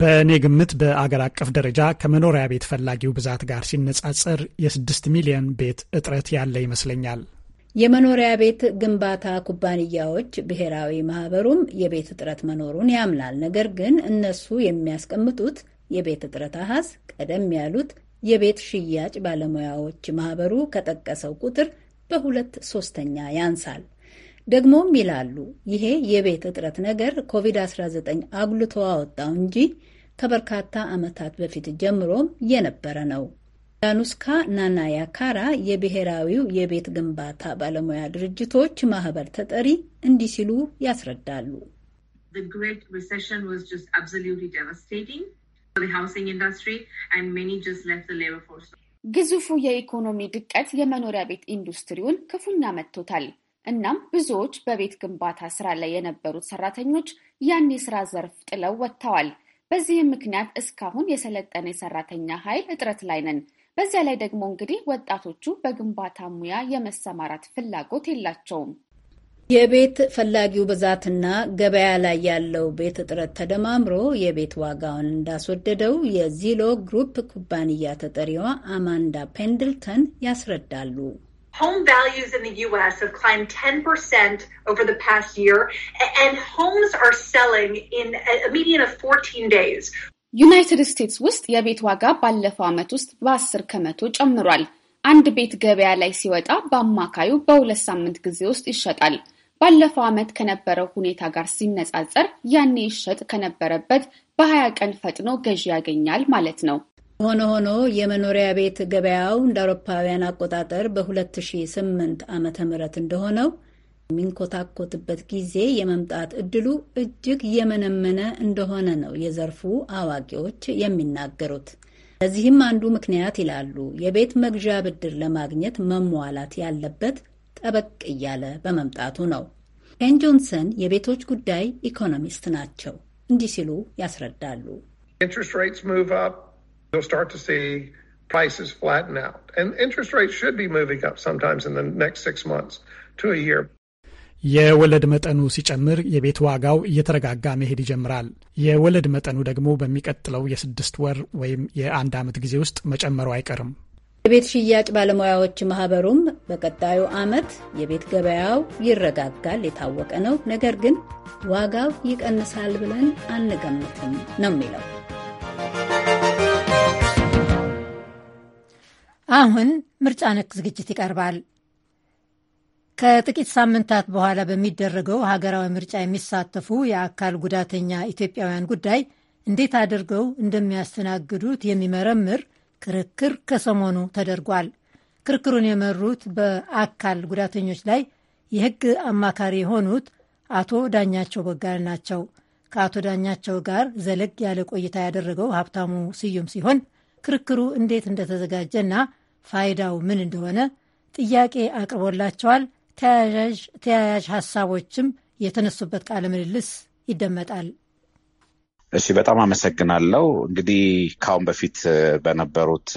በእኔ ግምት በአገር አቀፍ ደረጃ ከመኖሪያ ቤት ፈላጊው ብዛት ጋር ሲነጻጸር የስድስት ሚሊዮን ቤት እጥረት ያለ ይመስለኛል። የመኖሪያ ቤት ግንባታ ኩባንያዎች ብሔራዊ ማህበሩም የቤት እጥረት መኖሩን ያምናል። ነገር ግን እነሱ የሚያስቀምጡት የቤት እጥረት አሀዝ ቀደም ያሉት የቤት ሽያጭ ባለሙያዎች ማህበሩ ከጠቀሰው ቁጥር በሁለት ሶስተኛ ያንሳል። ደግሞም ይላሉ ይሄ የቤት እጥረት ነገር ኮቪድ-19 አጉልቶ አወጣው እንጂ ከበርካታ ዓመታት በፊት ጀምሮም የነበረ ነው። ዳኑስካ ካራ የብሔራዊው የቤት ግንባታ ባለሙያ ድርጅቶች ማህበር ተጠሪ እንዲህ ሲሉ ያስረዳሉ። ግዙፉ የኢኮኖሚ ድቀት የመኖሪያ ቤት ኢንዱስትሪውን ክፉኛ መጥቶታል። እናም ብዙዎች በቤት ግንባታ ስራ ላይ የነበሩት ሰራተኞች ያን የስራ ዘርፍ ጥለው ወጥተዋል። በዚህም ምክንያት እስካሁን የሰለጠነ የሰራተኛ ኃይል እጥረት ላይ ነን። በዚያ ላይ ደግሞ እንግዲህ ወጣቶቹ በግንባታ ሙያ የመሰማራት ፍላጎት የላቸውም። የቤት ፈላጊው ብዛትና ገበያ ላይ ያለው ቤት እጥረት ተደማምሮ የቤት ዋጋውን እንዳስወደደው የዚሎ ግሩፕ ኩባንያ ተጠሪዋ አማንዳ ፔንድልተን ያስረዳሉ። Home values in the U.S. have climbed 10% over the past year, and homes are selling in a median of 14 days. ዩናይትድ ስቴትስ ውስጥ የቤት ዋጋ ባለፈው ዓመት ውስጥ በ10 ከመቶ ጨምሯል። አንድ ቤት ገበያ ላይ ሲወጣ በአማካዩ በሁለት ሳምንት ጊዜ ውስጥ ይሸጣል። ባለፈው ዓመት ከነበረው ሁኔታ ጋር ሲነጻጸር ያኔ ይሸጥ ከነበረበት በሀያ ቀን ፈጥኖ ገዢ ያገኛል ማለት ነው። ሆኖ ሆኖ የመኖሪያ ቤት ገበያው እንደ አውሮፓውያን አቆጣጠር በ2008 ዓ ም እንደሆነው የሚንኮታኮትበት ጊዜ የመምጣት እድሉ እጅግ የመነመነ እንደሆነ ነው የዘርፉ አዋቂዎች የሚናገሩት። ለዚህም አንዱ ምክንያት ይላሉ የቤት መግዣ ብድር ለማግኘት መሟላት ያለበት ጠበቅ እያለ በመምጣቱ ነው። ኬን ጆንሰን የቤቶች ጉዳይ ኢኮኖሚስት ናቸው። እንዲህ ሲሉ ያስረዳሉ። የወለድ መጠኑ ሲጨምር የቤት ዋጋው እየተረጋጋ መሄድ ይጀምራል። የወለድ መጠኑ ደግሞ በሚቀጥለው የስድስት ወር ወይም የአንድ ዓመት ጊዜ ውስጥ መጨመሩ አይቀርም። የቤት ሽያጭ ባለሙያዎች ማህበሩም በቀጣዩ ዓመት የቤት ገበያው ይረጋጋል የታወቀ ነው፣ ነገር ግን ዋጋው ይቀንሳል ብለን አንገምትም ነው የሚለው። አሁን ምርጫ ነክ ዝግጅት ይቀርባል። ከጥቂት ሳምንታት በኋላ በሚደረገው ሀገራዊ ምርጫ የሚሳተፉ የአካል ጉዳተኛ ኢትዮጵያውያን ጉዳይ እንዴት አድርገው እንደሚያስተናግዱት የሚመረምር ክርክር ከሰሞኑ ተደርጓል። ክርክሩን የመሩት በአካል ጉዳተኞች ላይ የሕግ አማካሪ የሆኑት አቶ ዳኛቸው በጋር ናቸው። ከአቶ ዳኛቸው ጋር ዘለግ ያለ ቆይታ ያደረገው ሀብታሙ ስዩም ሲሆን ክርክሩ እንዴት እንደተዘጋጀና ፋይዳው ምን እንደሆነ ጥያቄ አቅርቦላቸዋል። ተያያዥ ሀሳቦችም የተነሱበት ቃለ ምልልስ ይደመጣል። እሺ በጣም አመሰግናለሁ። እንግዲህ ከአሁን በፊት በነበሩት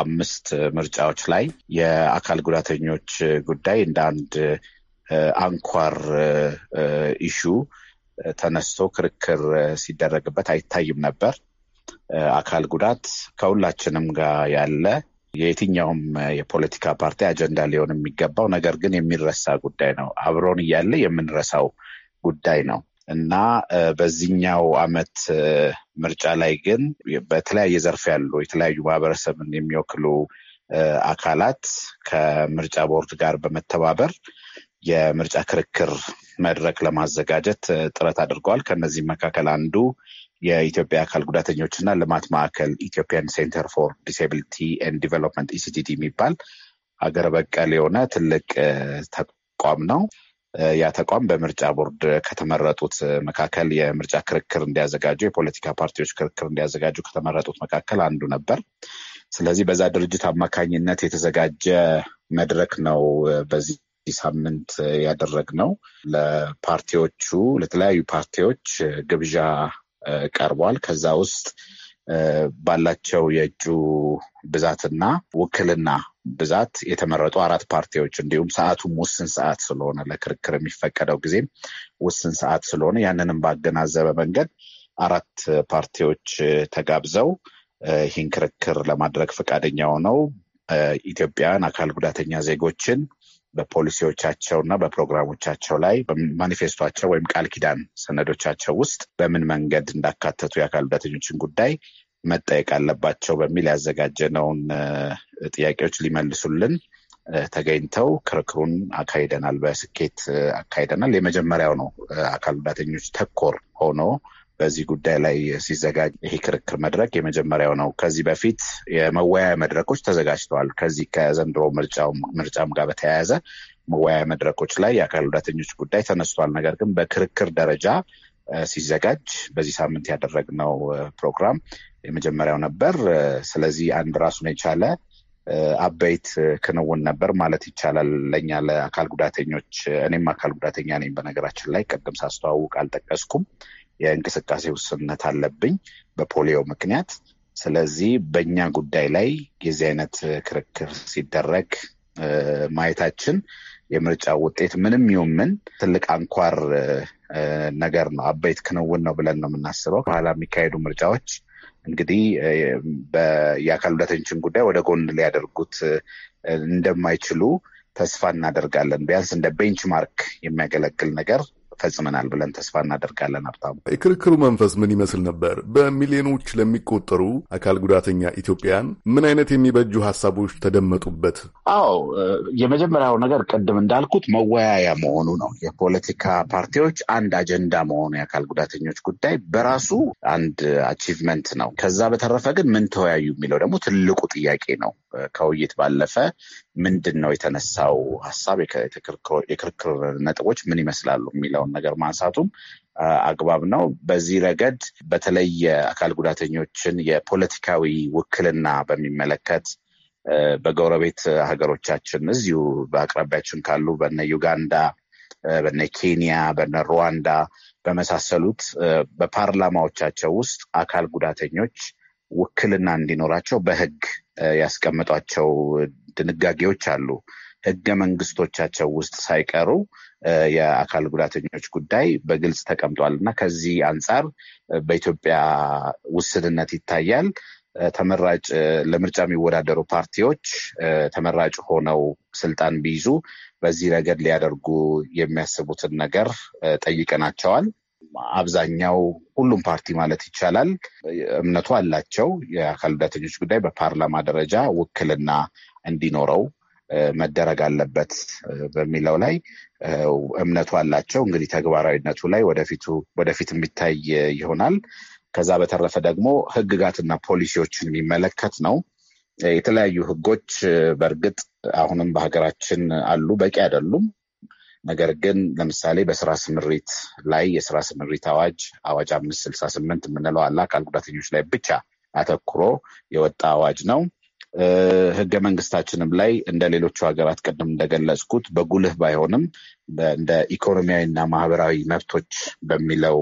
አምስት ምርጫዎች ላይ የአካል ጉዳተኞች ጉዳይ እንደ አንድ አንኳር ኢሹ ተነስቶ ክርክር ሲደረግበት አይታይም ነበር። አካል ጉዳት ከሁላችንም ጋር ያለ የየትኛውም የፖለቲካ ፓርቲ አጀንዳ ሊሆን የሚገባው ነገር ግን የሚረሳ ጉዳይ ነው። አብሮን እያለ የምንረሳው ጉዳይ ነው። እና በዚህኛው አመት ምርጫ ላይ ግን በተለያየ ዘርፍ ያሉ የተለያዩ ማህበረሰብን የሚወክሉ አካላት ከምርጫ ቦርድ ጋር በመተባበር የምርጫ ክርክር መድረክ ለማዘጋጀት ጥረት አድርገዋል። ከነዚህ መካከል አንዱ የኢትዮጵያ አካል ጉዳተኞችና ልማት ማዕከል ኢትዮጵያን ሴንተር ፎር ዲስብሊቲ ኤንድ ዲቨሎፕመንት ኢሲቲዲ የሚባል ሀገር በቀል የሆነ ትልቅ ተቋም ነው። ያ ተቋም በምርጫ ቦርድ ከተመረጡት መካከል የምርጫ ክርክር እንዲያዘጋጁ የፖለቲካ ፓርቲዎች ክርክር እንዲያዘጋጁ ከተመረጡት መካከል አንዱ ነበር። ስለዚህ በዛ ድርጅት አማካኝነት የተዘጋጀ መድረክ ነው በዚህ ሳምንት ነው። ለፓርቲዎቹ ለተለያዩ ፓርቲዎች ግብዣ ቀርቧል። ከዛ ውስጥ ባላቸው የእጩ ብዛትና ውክልና ብዛት የተመረጡ አራት ፓርቲዎች እንዲሁም ሰዓቱም ውስን ሰዓት ስለሆነ ለክርክር የሚፈቀደው ጊዜም ውስን ሰዓት ስለሆነ ያንንም ባገናዘበ መንገድ አራት ፓርቲዎች ተጋብዘው ይህን ክርክር ለማድረግ ፈቃደኛ ሆነው ኢትዮጵያውያን አካል ጉዳተኛ ዜጎችን በፖሊሲዎቻቸው እና በፕሮግራሞቻቸው ላይ ማኒፌስቶቸው ወይም ቃል ኪዳን ሰነዶቻቸው ውስጥ በምን መንገድ እንዳካተቱ የአካል ጉዳተኞችን ጉዳይ መጠየቅ አለባቸው በሚል ያዘጋጀነውን ጥያቄዎች ሊመልሱልን ተገኝተው ክርክሩን አካሂደናል። በስኬት አካሂደናል። የመጀመሪያው ነው አካል ጉዳተኞች ተኮር ሆኖ በዚህ ጉዳይ ላይ ሲዘጋጅ ይሄ ክርክር መድረክ የመጀመሪያው ነው። ከዚህ በፊት የመወያያ መድረኮች ተዘጋጅተዋል። ከዚህ ከዘንድሮ ምርጫም ጋር በተያያዘ መወያያ መድረኮች ላይ የአካል ጉዳተኞች ጉዳይ ተነስቷል። ነገር ግን በክርክር ደረጃ ሲዘጋጅ በዚህ ሳምንት ያደረግነው ፕሮግራም የመጀመሪያው ነበር። ስለዚህ አንድ ራሱን የቻለ አበይት ክንውን ነበር ማለት ይቻላል። ለእኛ ለአካል ጉዳተኞች እኔም አካል ጉዳተኛ ነኝ። በነገራችን ላይ ቅድም ሳስተዋውቅ አልጠቀስኩም። የእንቅስቃሴ ውስንነት አለብኝ በፖሊዮ ምክንያት። ስለዚህ በእኛ ጉዳይ ላይ የዚህ አይነት ክርክር ሲደረግ ማየታችን የምርጫ ውጤት ምንም ይሁን ምን ትልቅ አንኳር ነገር ነው፣ አበይት ክንውን ነው ብለን ነው የምናስበው። በኋላ የሚካሄዱ ምርጫዎች እንግዲህ የአካል ጉዳተኞችን ጉዳይ ወደ ጎን ሊያደርጉት እንደማይችሉ ተስፋ እናደርጋለን። ቢያንስ እንደ ቤንችማርክ የሚያገለግል ነገር ፈጽመናል ብለን ተስፋ እናደርጋለን። ሀብታሙ፣ የክርክሩ መንፈስ ምን ይመስል ነበር? በሚሊዮኖች ለሚቆጠሩ አካል ጉዳተኛ ኢትዮጵያን ምን አይነት የሚበጁ ሀሳቦች ተደመጡበት? አዎ የመጀመሪያው ነገር ቅድም እንዳልኩት መወያያ መሆኑ ነው። የፖለቲካ ፓርቲዎች አንድ አጀንዳ መሆኑ የአካል ጉዳተኞች ጉዳይ በራሱ አንድ አቺቭመንት ነው። ከዛ በተረፈ ግን ምን ተወያዩ የሚለው ደግሞ ትልቁ ጥያቄ ነው። ከውይይት ባለፈ ምንድን ነው የተነሳው ሀሳብ፣ የክርክር ነጥቦች ምን ይመስላሉ የሚለውን ነገር ማንሳቱም አግባብ ነው። በዚህ ረገድ በተለይ የአካል ጉዳተኞችን የፖለቲካዊ ውክልና በሚመለከት በጎረቤት ሀገሮቻችን እዚሁ በአቅራቢያችን ካሉ በነ ዩጋንዳ፣ በነ ኬንያ፣ በነ ሩዋንዳ በመሳሰሉት በፓርላማዎቻቸው ውስጥ አካል ጉዳተኞች ውክልና እንዲኖራቸው በሕግ ያስቀመጧቸው ድንጋጌዎች አሉ። ህገ መንግስቶቻቸው ውስጥ ሳይቀሩ የአካል ጉዳተኞች ጉዳይ በግልጽ ተቀምጧል እና ከዚህ አንጻር በኢትዮጵያ ውስንነት ይታያል። ተመራጭ ለምርጫ የሚወዳደሩ ፓርቲዎች ተመራጭ ሆነው ስልጣን ቢይዙ በዚህ ረገድ ሊያደርጉ የሚያስቡትን ነገር ጠይቀናቸዋል። አብዛኛው ሁሉም ፓርቲ ማለት ይቻላል እምነቱ አላቸው። የአካል ጉዳተኞች ጉዳይ በፓርላማ ደረጃ ውክልና እንዲኖረው መደረግ አለበት በሚለው ላይ እምነቱ አላቸው። እንግዲህ ተግባራዊነቱ ላይ ወደፊት የሚታይ ይሆናል። ከዛ በተረፈ ደግሞ ህግጋትና ፖሊሲዎችን የሚመለከት ነው። የተለያዩ ህጎች በእርግጥ አሁንም በሀገራችን አሉ፣ በቂ አይደሉም። ነገር ግን ለምሳሌ በስራ ስምሪት ላይ የስራ ስምሪት አዋጅ አዋጅ አምስት ስልሳ ስምንት የምንለው አለ አካል ጉዳተኞች ላይ ብቻ አተኩሮ የወጣ አዋጅ ነው። ህገ መንግስታችንም ላይ እንደ ሌሎቹ ሀገራት ቅድም እንደገለጽኩት በጉልህ ባይሆንም እንደ ኢኮኖሚያዊና ማህበራዊ መብቶች በሚለው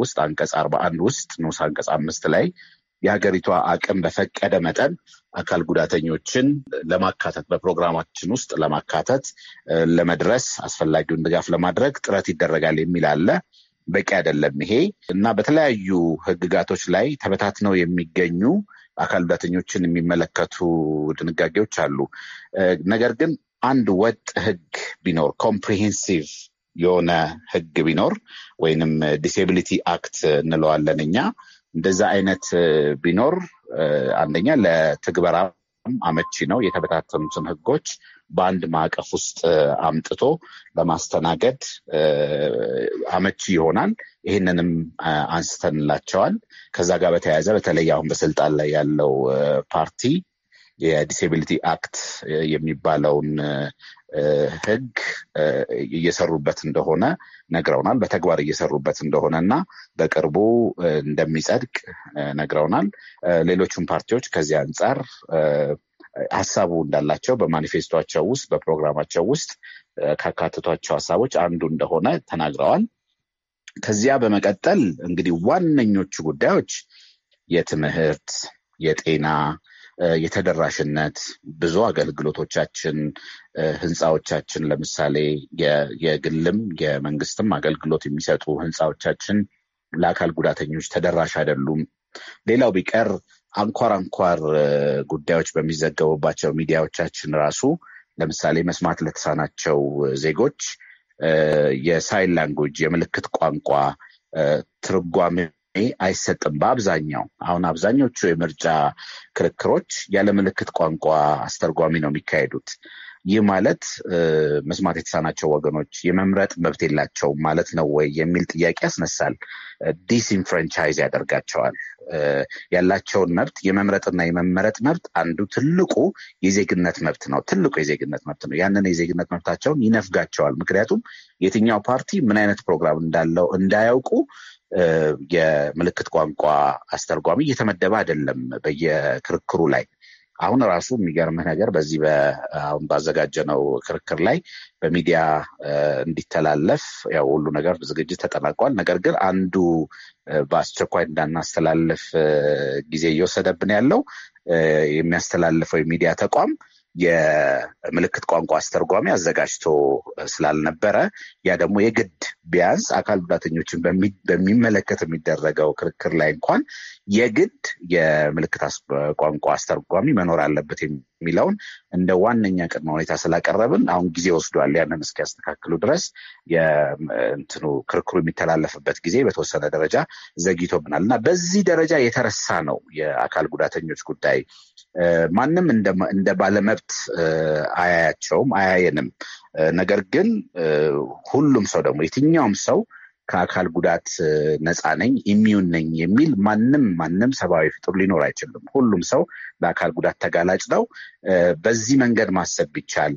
ውስጥ አንቀጽ አርባ አንድ ውስጥ ንዑስ አንቀጽ አምስት ላይ የሀገሪቷ አቅም በፈቀደ መጠን አካል ጉዳተኞችን ለማካተት በፕሮግራማችን ውስጥ ለማካተት ለመድረስ አስፈላጊውን ድጋፍ ለማድረግ ጥረት ይደረጋል የሚል አለ። በቂ አይደለም ይሄ እና በተለያዩ ህግጋቶች ላይ ተበታትነው የሚገኙ አካል ጉዳተኞችን የሚመለከቱ ድንጋጌዎች አሉ። ነገር ግን አንድ ወጥ ህግ ቢኖር ኮምፕሪሄንሲቭ የሆነ ህግ ቢኖር ወይንም ዲሴቢሊቲ አክት እንለዋለን እኛ እንደዛ አይነት ቢኖር አንደኛ ለትግበራም አመቺ ነው። የተበታተኑትን ህጎች በአንድ ማዕቀፍ ውስጥ አምጥቶ ለማስተናገድ አመቺ ይሆናል። ይህንንም አንስተንላቸዋል። ከዛ ጋር በተያያዘ በተለይ አሁን በስልጣን ላይ ያለው ፓርቲ የዲሴቢሊቲ አክት የሚባለውን ህግ እየሰሩበት እንደሆነ ነግረውናል። በተግባር እየሰሩበት እንደሆነ እና በቅርቡ እንደሚጸድቅ ነግረውናል። ሌሎቹም ፓርቲዎች ከዚህ አንጻር ሀሳቡ እንዳላቸው በማኒፌስቷቸው ውስጥ በፕሮግራማቸው ውስጥ ካካተቷቸው ሀሳቦች አንዱ እንደሆነ ተናግረዋል። ከዚያ በመቀጠል እንግዲህ ዋነኞቹ ጉዳዮች የትምህርት፣ የጤና፣ የተደራሽነት ብዙ አገልግሎቶቻችን ህንፃዎቻችን ለምሳሌ የግልም የመንግስትም አገልግሎት የሚሰጡ ህንፃዎቻችን ለአካል ጉዳተኞች ተደራሽ አይደሉም። ሌላው ቢቀር አንኳር አንኳር ጉዳዮች በሚዘገቡባቸው ሚዲያዎቻችን ራሱ ለምሳሌ መስማት ለተሳናቸው ዜጎች የሳይን ላንጉጅ የምልክት ቋንቋ ትርጓሜ አይሰጥም። በአብዛኛው አሁን አብዛኞቹ የምርጫ ክርክሮች ያለ ምልክት ቋንቋ አስተርጓሚ ነው የሚካሄዱት። ይህ ማለት መስማት የተሳናቸው ወገኖች የመምረጥ መብት የላቸውም ማለት ነው ወይ የሚል ጥያቄ ያስነሳል። ዲስኢንፍራንቻይዝ ያደርጋቸዋል። ያላቸውን መብት የመምረጥና የመመረጥ መብት አንዱ ትልቁ የዜግነት መብት ነው። ትልቁ የዜግነት መብት ነው። ያንን የዜግነት መብታቸውን ይነፍጋቸዋል። ምክንያቱም የትኛው ፓርቲ ምን አይነት ፕሮግራም እንዳለው እንዳያውቁ የምልክት ቋንቋ አስተርጓሚ እየተመደበ አይደለም በየክርክሩ ላይ። አሁን ራሱ የሚገርምህ ነገር በዚህ አሁን ባዘጋጀነው ክርክር ላይ በሚዲያ እንዲተላለፍ ያው ሁሉ ነገር ዝግጅት ተጠናቋል። ነገር ግን አንዱ በአስቸኳይ እንዳናስተላልፍ ጊዜ እየወሰደብን ያለው የሚያስተላልፈው የሚዲያ ተቋም የምልክት ቋንቋ አስተርጓሚ አዘጋጅቶ ስላልነበረ ያ ደግሞ የግድ ቢያንስ አካል ጉዳተኞችን በሚመለከት የሚደረገው ክርክር ላይ እንኳን የግድ የምልክት ቋንቋ አስተርጓሚ መኖር አለበት የሚለውን እንደ ዋነኛ ቅድመ ሁኔታ ስላቀረብን አሁን ጊዜ ወስዷል። ያንን እስኪያስተካክሉ ድረስ የእንትኑ ክርክሩ የሚተላለፍበት ጊዜ በተወሰነ ደረጃ ዘግይቶብናል እና በዚህ ደረጃ የተረሳ ነው የአካል ጉዳተኞች ጉዳይ። ማንም እንደ ባለመብት አያያቸውም፣ አያየንም። ነገር ግን ሁሉም ሰው ደግሞ የትኛውም ሰው ከአካል ጉዳት ነፃ ነኝ ኢሚዩን ነኝ የሚል ማንም ማንም ሰብአዊ ፍጡር ሊኖር አይችልም። ሁሉም ሰው ለአካል ጉዳት ተጋላጭ ነው። በዚህ መንገድ ማሰብ ቢቻል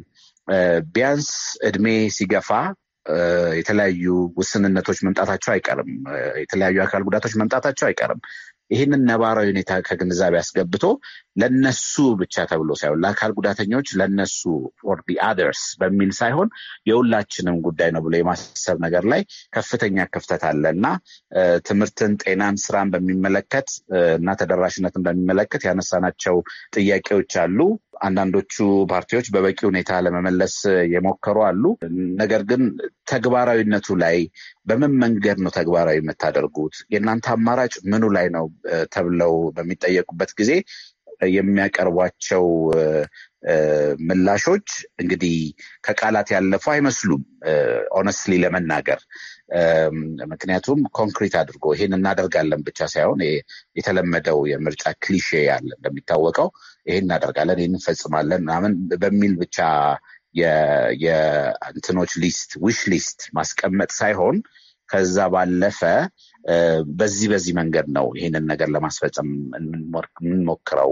ቢያንስ እድሜ ሲገፋ የተለያዩ ውስንነቶች መምጣታቸው አይቀርም። የተለያዩ አካል ጉዳቶች መምጣታቸው አይቀርም። ይህንን ነባራዊ ሁኔታ ከግንዛቤ አስገብቶ ለነሱ ብቻ ተብሎ ሳይሆን ለአካል ጉዳተኞች ለነሱ ፎር ዲ አደርስ በሚል ሳይሆን የሁላችንም ጉዳይ ነው ብሎ የማሰብ ነገር ላይ ከፍተኛ ክፍተት አለ እና ትምህርትን፣ ጤናን፣ ስራን በሚመለከት እና ተደራሽነትን በሚመለከት ያነሳናቸው ጥያቄዎች አሉ። አንዳንዶቹ ፓርቲዎች በበቂ ሁኔታ ለመመለስ የሞከሩ አሉ። ነገር ግን ተግባራዊነቱ ላይ በምን መንገድ ነው ተግባራዊ የምታደርጉት፣ የእናንተ አማራጭ ምኑ ላይ ነው ተብለው በሚጠየቁበት ጊዜ የሚያቀርቧቸው ምላሾች እንግዲህ ከቃላት ያለፉ አይመስሉም፣ ኦነስትሊ ለመናገር ምክንያቱም ኮንክሪት አድርጎ ይሄን እናደርጋለን ብቻ ሳይሆን የተለመደው የምርጫ ክሊሼ ያለ እንደሚታወቀው ይሄን እናደርጋለን፣ ይህን እንፈጽማለን ምናምን በሚል ብቻ የእንትኖች ሊስት ዊሽ ሊስት ማስቀመጥ ሳይሆን ከዛ ባለፈ በዚህ በዚህ መንገድ ነው ይህንን ነገር ለማስፈጸም የምንሞክረው።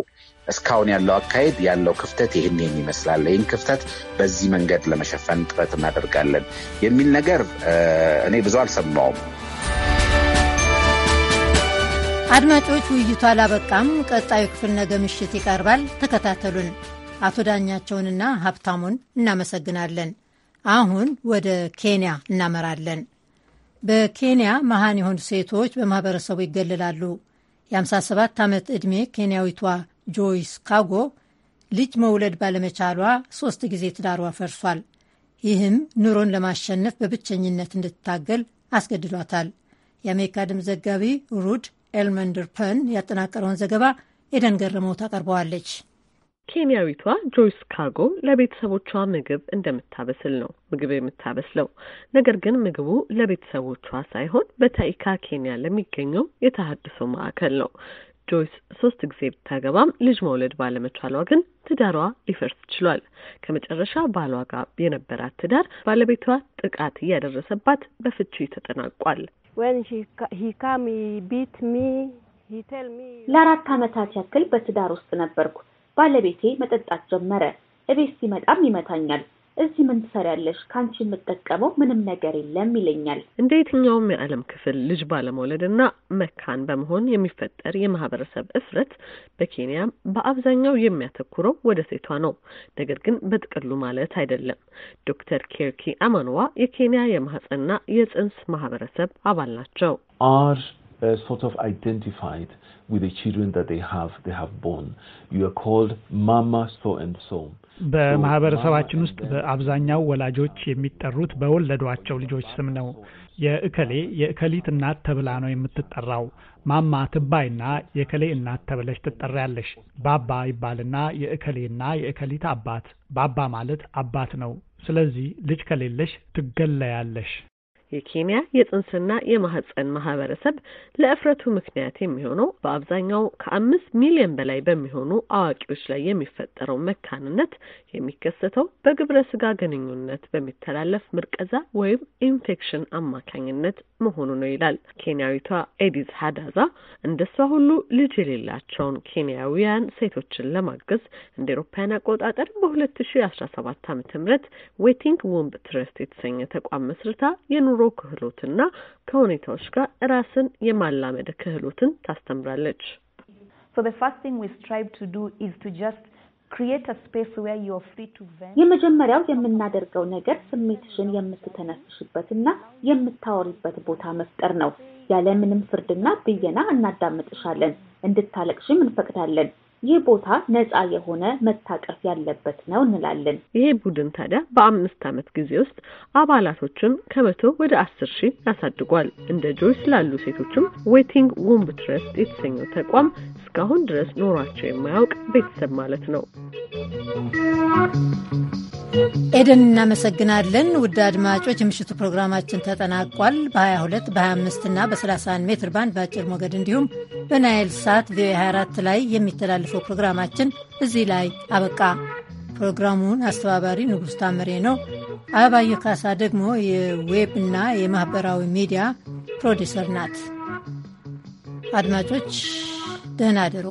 እስካሁን ያለው አካሄድ ያለው ክፍተት ይህን ይህን ይመስላል። ይህን ክፍተት በዚህ መንገድ ለመሸፈን ጥረት እናደርጋለን የሚል ነገር እኔ ብዙ አልሰማውም። አድማጮች፣ ውይይቱ አላበቃም። ቀጣዩ ክፍል ነገ ምሽት ይቀርባል። ተከታተሉን። አቶ ዳኛቸውንና ሀብታሙን እናመሰግናለን። አሁን ወደ ኬንያ እናመራለን። በኬንያ መሃን የሆኑ ሴቶች በማህበረሰቡ ይገለላሉ። የ57 ዓመት ዕድሜ ኬንያዊቷ ጆይስ ካጎ ልጅ መውለድ ባለመቻሏ ሶስት ጊዜ ትዳሯ ፈርሷል። ይህም ኑሮን ለማሸነፍ በብቸኝነት እንድትታገል አስገድዷታል። የአሜሪካ ድምፅ ዘጋቢ ሩድ ኤልመንድር ፐን ያጠናቀረውን ዘገባ ኤደን ገረመው ታቀርበዋለች። ኬንያዊቷ ጆይስ ካርጎ ለቤተሰቦቿ ምግብ እንደምታበስል ነው ምግብ የምታበስለው። ነገር ግን ምግቡ ለቤተሰቦቿ ሳይሆን በታኢካ ኬንያ ለሚገኘው የተሃድሶ ማዕከል ነው። ጆይስ ሶስት ጊዜ ብታገባም ልጅ መውለድ ባለመቻሏ ግን ትዳሯ ሊፈርስ ችሏል። ከመጨረሻ ባሏ ጋር የነበራት ትዳር ባለቤቷ ጥቃት እያደረሰባት በፍቺ ተጠናቋል። ለአራት ዓመታት ያክል በትዳር ውስጥ ነበርኩ። ባለቤቴ መጠጣት ጀመረ። እቤት ሲመጣም ይመታኛል። እዚህ ምን ትሰሪያለሽ? ከአንቺ የምጠቀመው ምንም ነገር የለም ይለኛል። እንደ የትኛውም የዓለም ክፍል ልጅ ባለመውለድና መካን በመሆን የሚፈጠር የማህበረሰብ እፍረት በኬንያ በአብዛኛው የሚያተኩረው ወደ ሴቷ ነው። ነገር ግን በጥቅሉ ማለት አይደለም። ዶክተር ኬርኪ አማንዋ የኬንያ የማህፀንና የጽንስ ማህበረሰብ አባል ናቸው። uh, sort of identified with the children that they have they have born. You are called mama so and so. በማህበረሰባችን ውስጥ በአብዛኛው ወላጆች የሚጠሩት በወለዷቸው ልጆች ስም ነው። የእከሌ የእከሊት እናት ተብላ ነው የምትጠራው። ማማ ትባይና የእከሌ እናት ተብለሽ ትጠሪያለሽ። ባባ ይባልና የእከሌና የእከሊት አባት። ባባ ማለት አባት ነው። ስለዚህ ልጅ ከሌለሽ ትገለያለሽ። የኬንያ የጽንስና የማህፀን ማህበረሰብ ለእፍረቱ ምክንያት የሚሆነው በአብዛኛው ከአምስት ሚሊዮን በላይ በሚሆኑ አዋቂዎች ላይ የሚፈጠረው መካንነት የሚከሰተው በግብረ ስጋ ግንኙነት በሚተላለፍ ምርቀዛ ወይም ኢንፌክሽን አማካኝነት መሆኑ ነው ይላል ኬንያዊቷ ኤዲዝ ሀዳዛ። እንደሷ ሁሉ ልጅ የሌላቸውን ኬንያውያን ሴቶችን ለማገዝ እንደ ኤሮፓያን አቆጣጠር በሁለት ሺ አስራ ሰባት አመተ ምህረት ዌቲንግ ውምብ ትረስት የተሰኘ ተቋም መስርታ የኑ የኑሮ ክህሎትና ከሁኔታዎች ጋር ራስን የማላመድ ክህሎትን ታስተምራለች። የመጀመሪያው የምናደርገው ነገር ስሜትሽን የምትተነፍሽበትና የምታወሪበት ቦታ መፍጠር ነው። ያለምንም ፍርድና ብየና እናዳምጥሻለን፣ እንድታለቅሽም እንፈቅዳለን። ይህ ቦታ ነፃ የሆነ መታቀፍ ያለበት ነው እንላለን። ይሄ ቡድን ታዲያ በአምስት ዓመት ጊዜ ውስጥ አባላቶችን ከመቶ ወደ አስር ሺህ ያሳድጓል። እንደ ጆይስ ላሉ ሴቶችም ዌቲንግ ውምብ ትረስት የተሰኘው ተቋም እስካሁን ድረስ ኖሯቸው የማያውቅ ቤተሰብ ማለት ነው። ኤደን እናመሰግናለን። ውድ አድማጮች የምሽቱ ፕሮግራማችን ተጠናቋል። በ22 በ25 እና በ31 ሜትር ባንድ በአጭር ሞገድ እንዲሁም በናይል ሳት ቪኦኤ 24 ላይ የሚተላለፈው ፕሮግራማችን እዚህ ላይ አበቃ። ፕሮግራሙን አስተባባሪ ንጉሥ ታምሬ ነው። አበባየሁ ካሳ ደግሞ የዌብ እና የማኅበራዊ ሚዲያ ፕሮዲሰር ናት። አድማጮች ደህና አደሩ።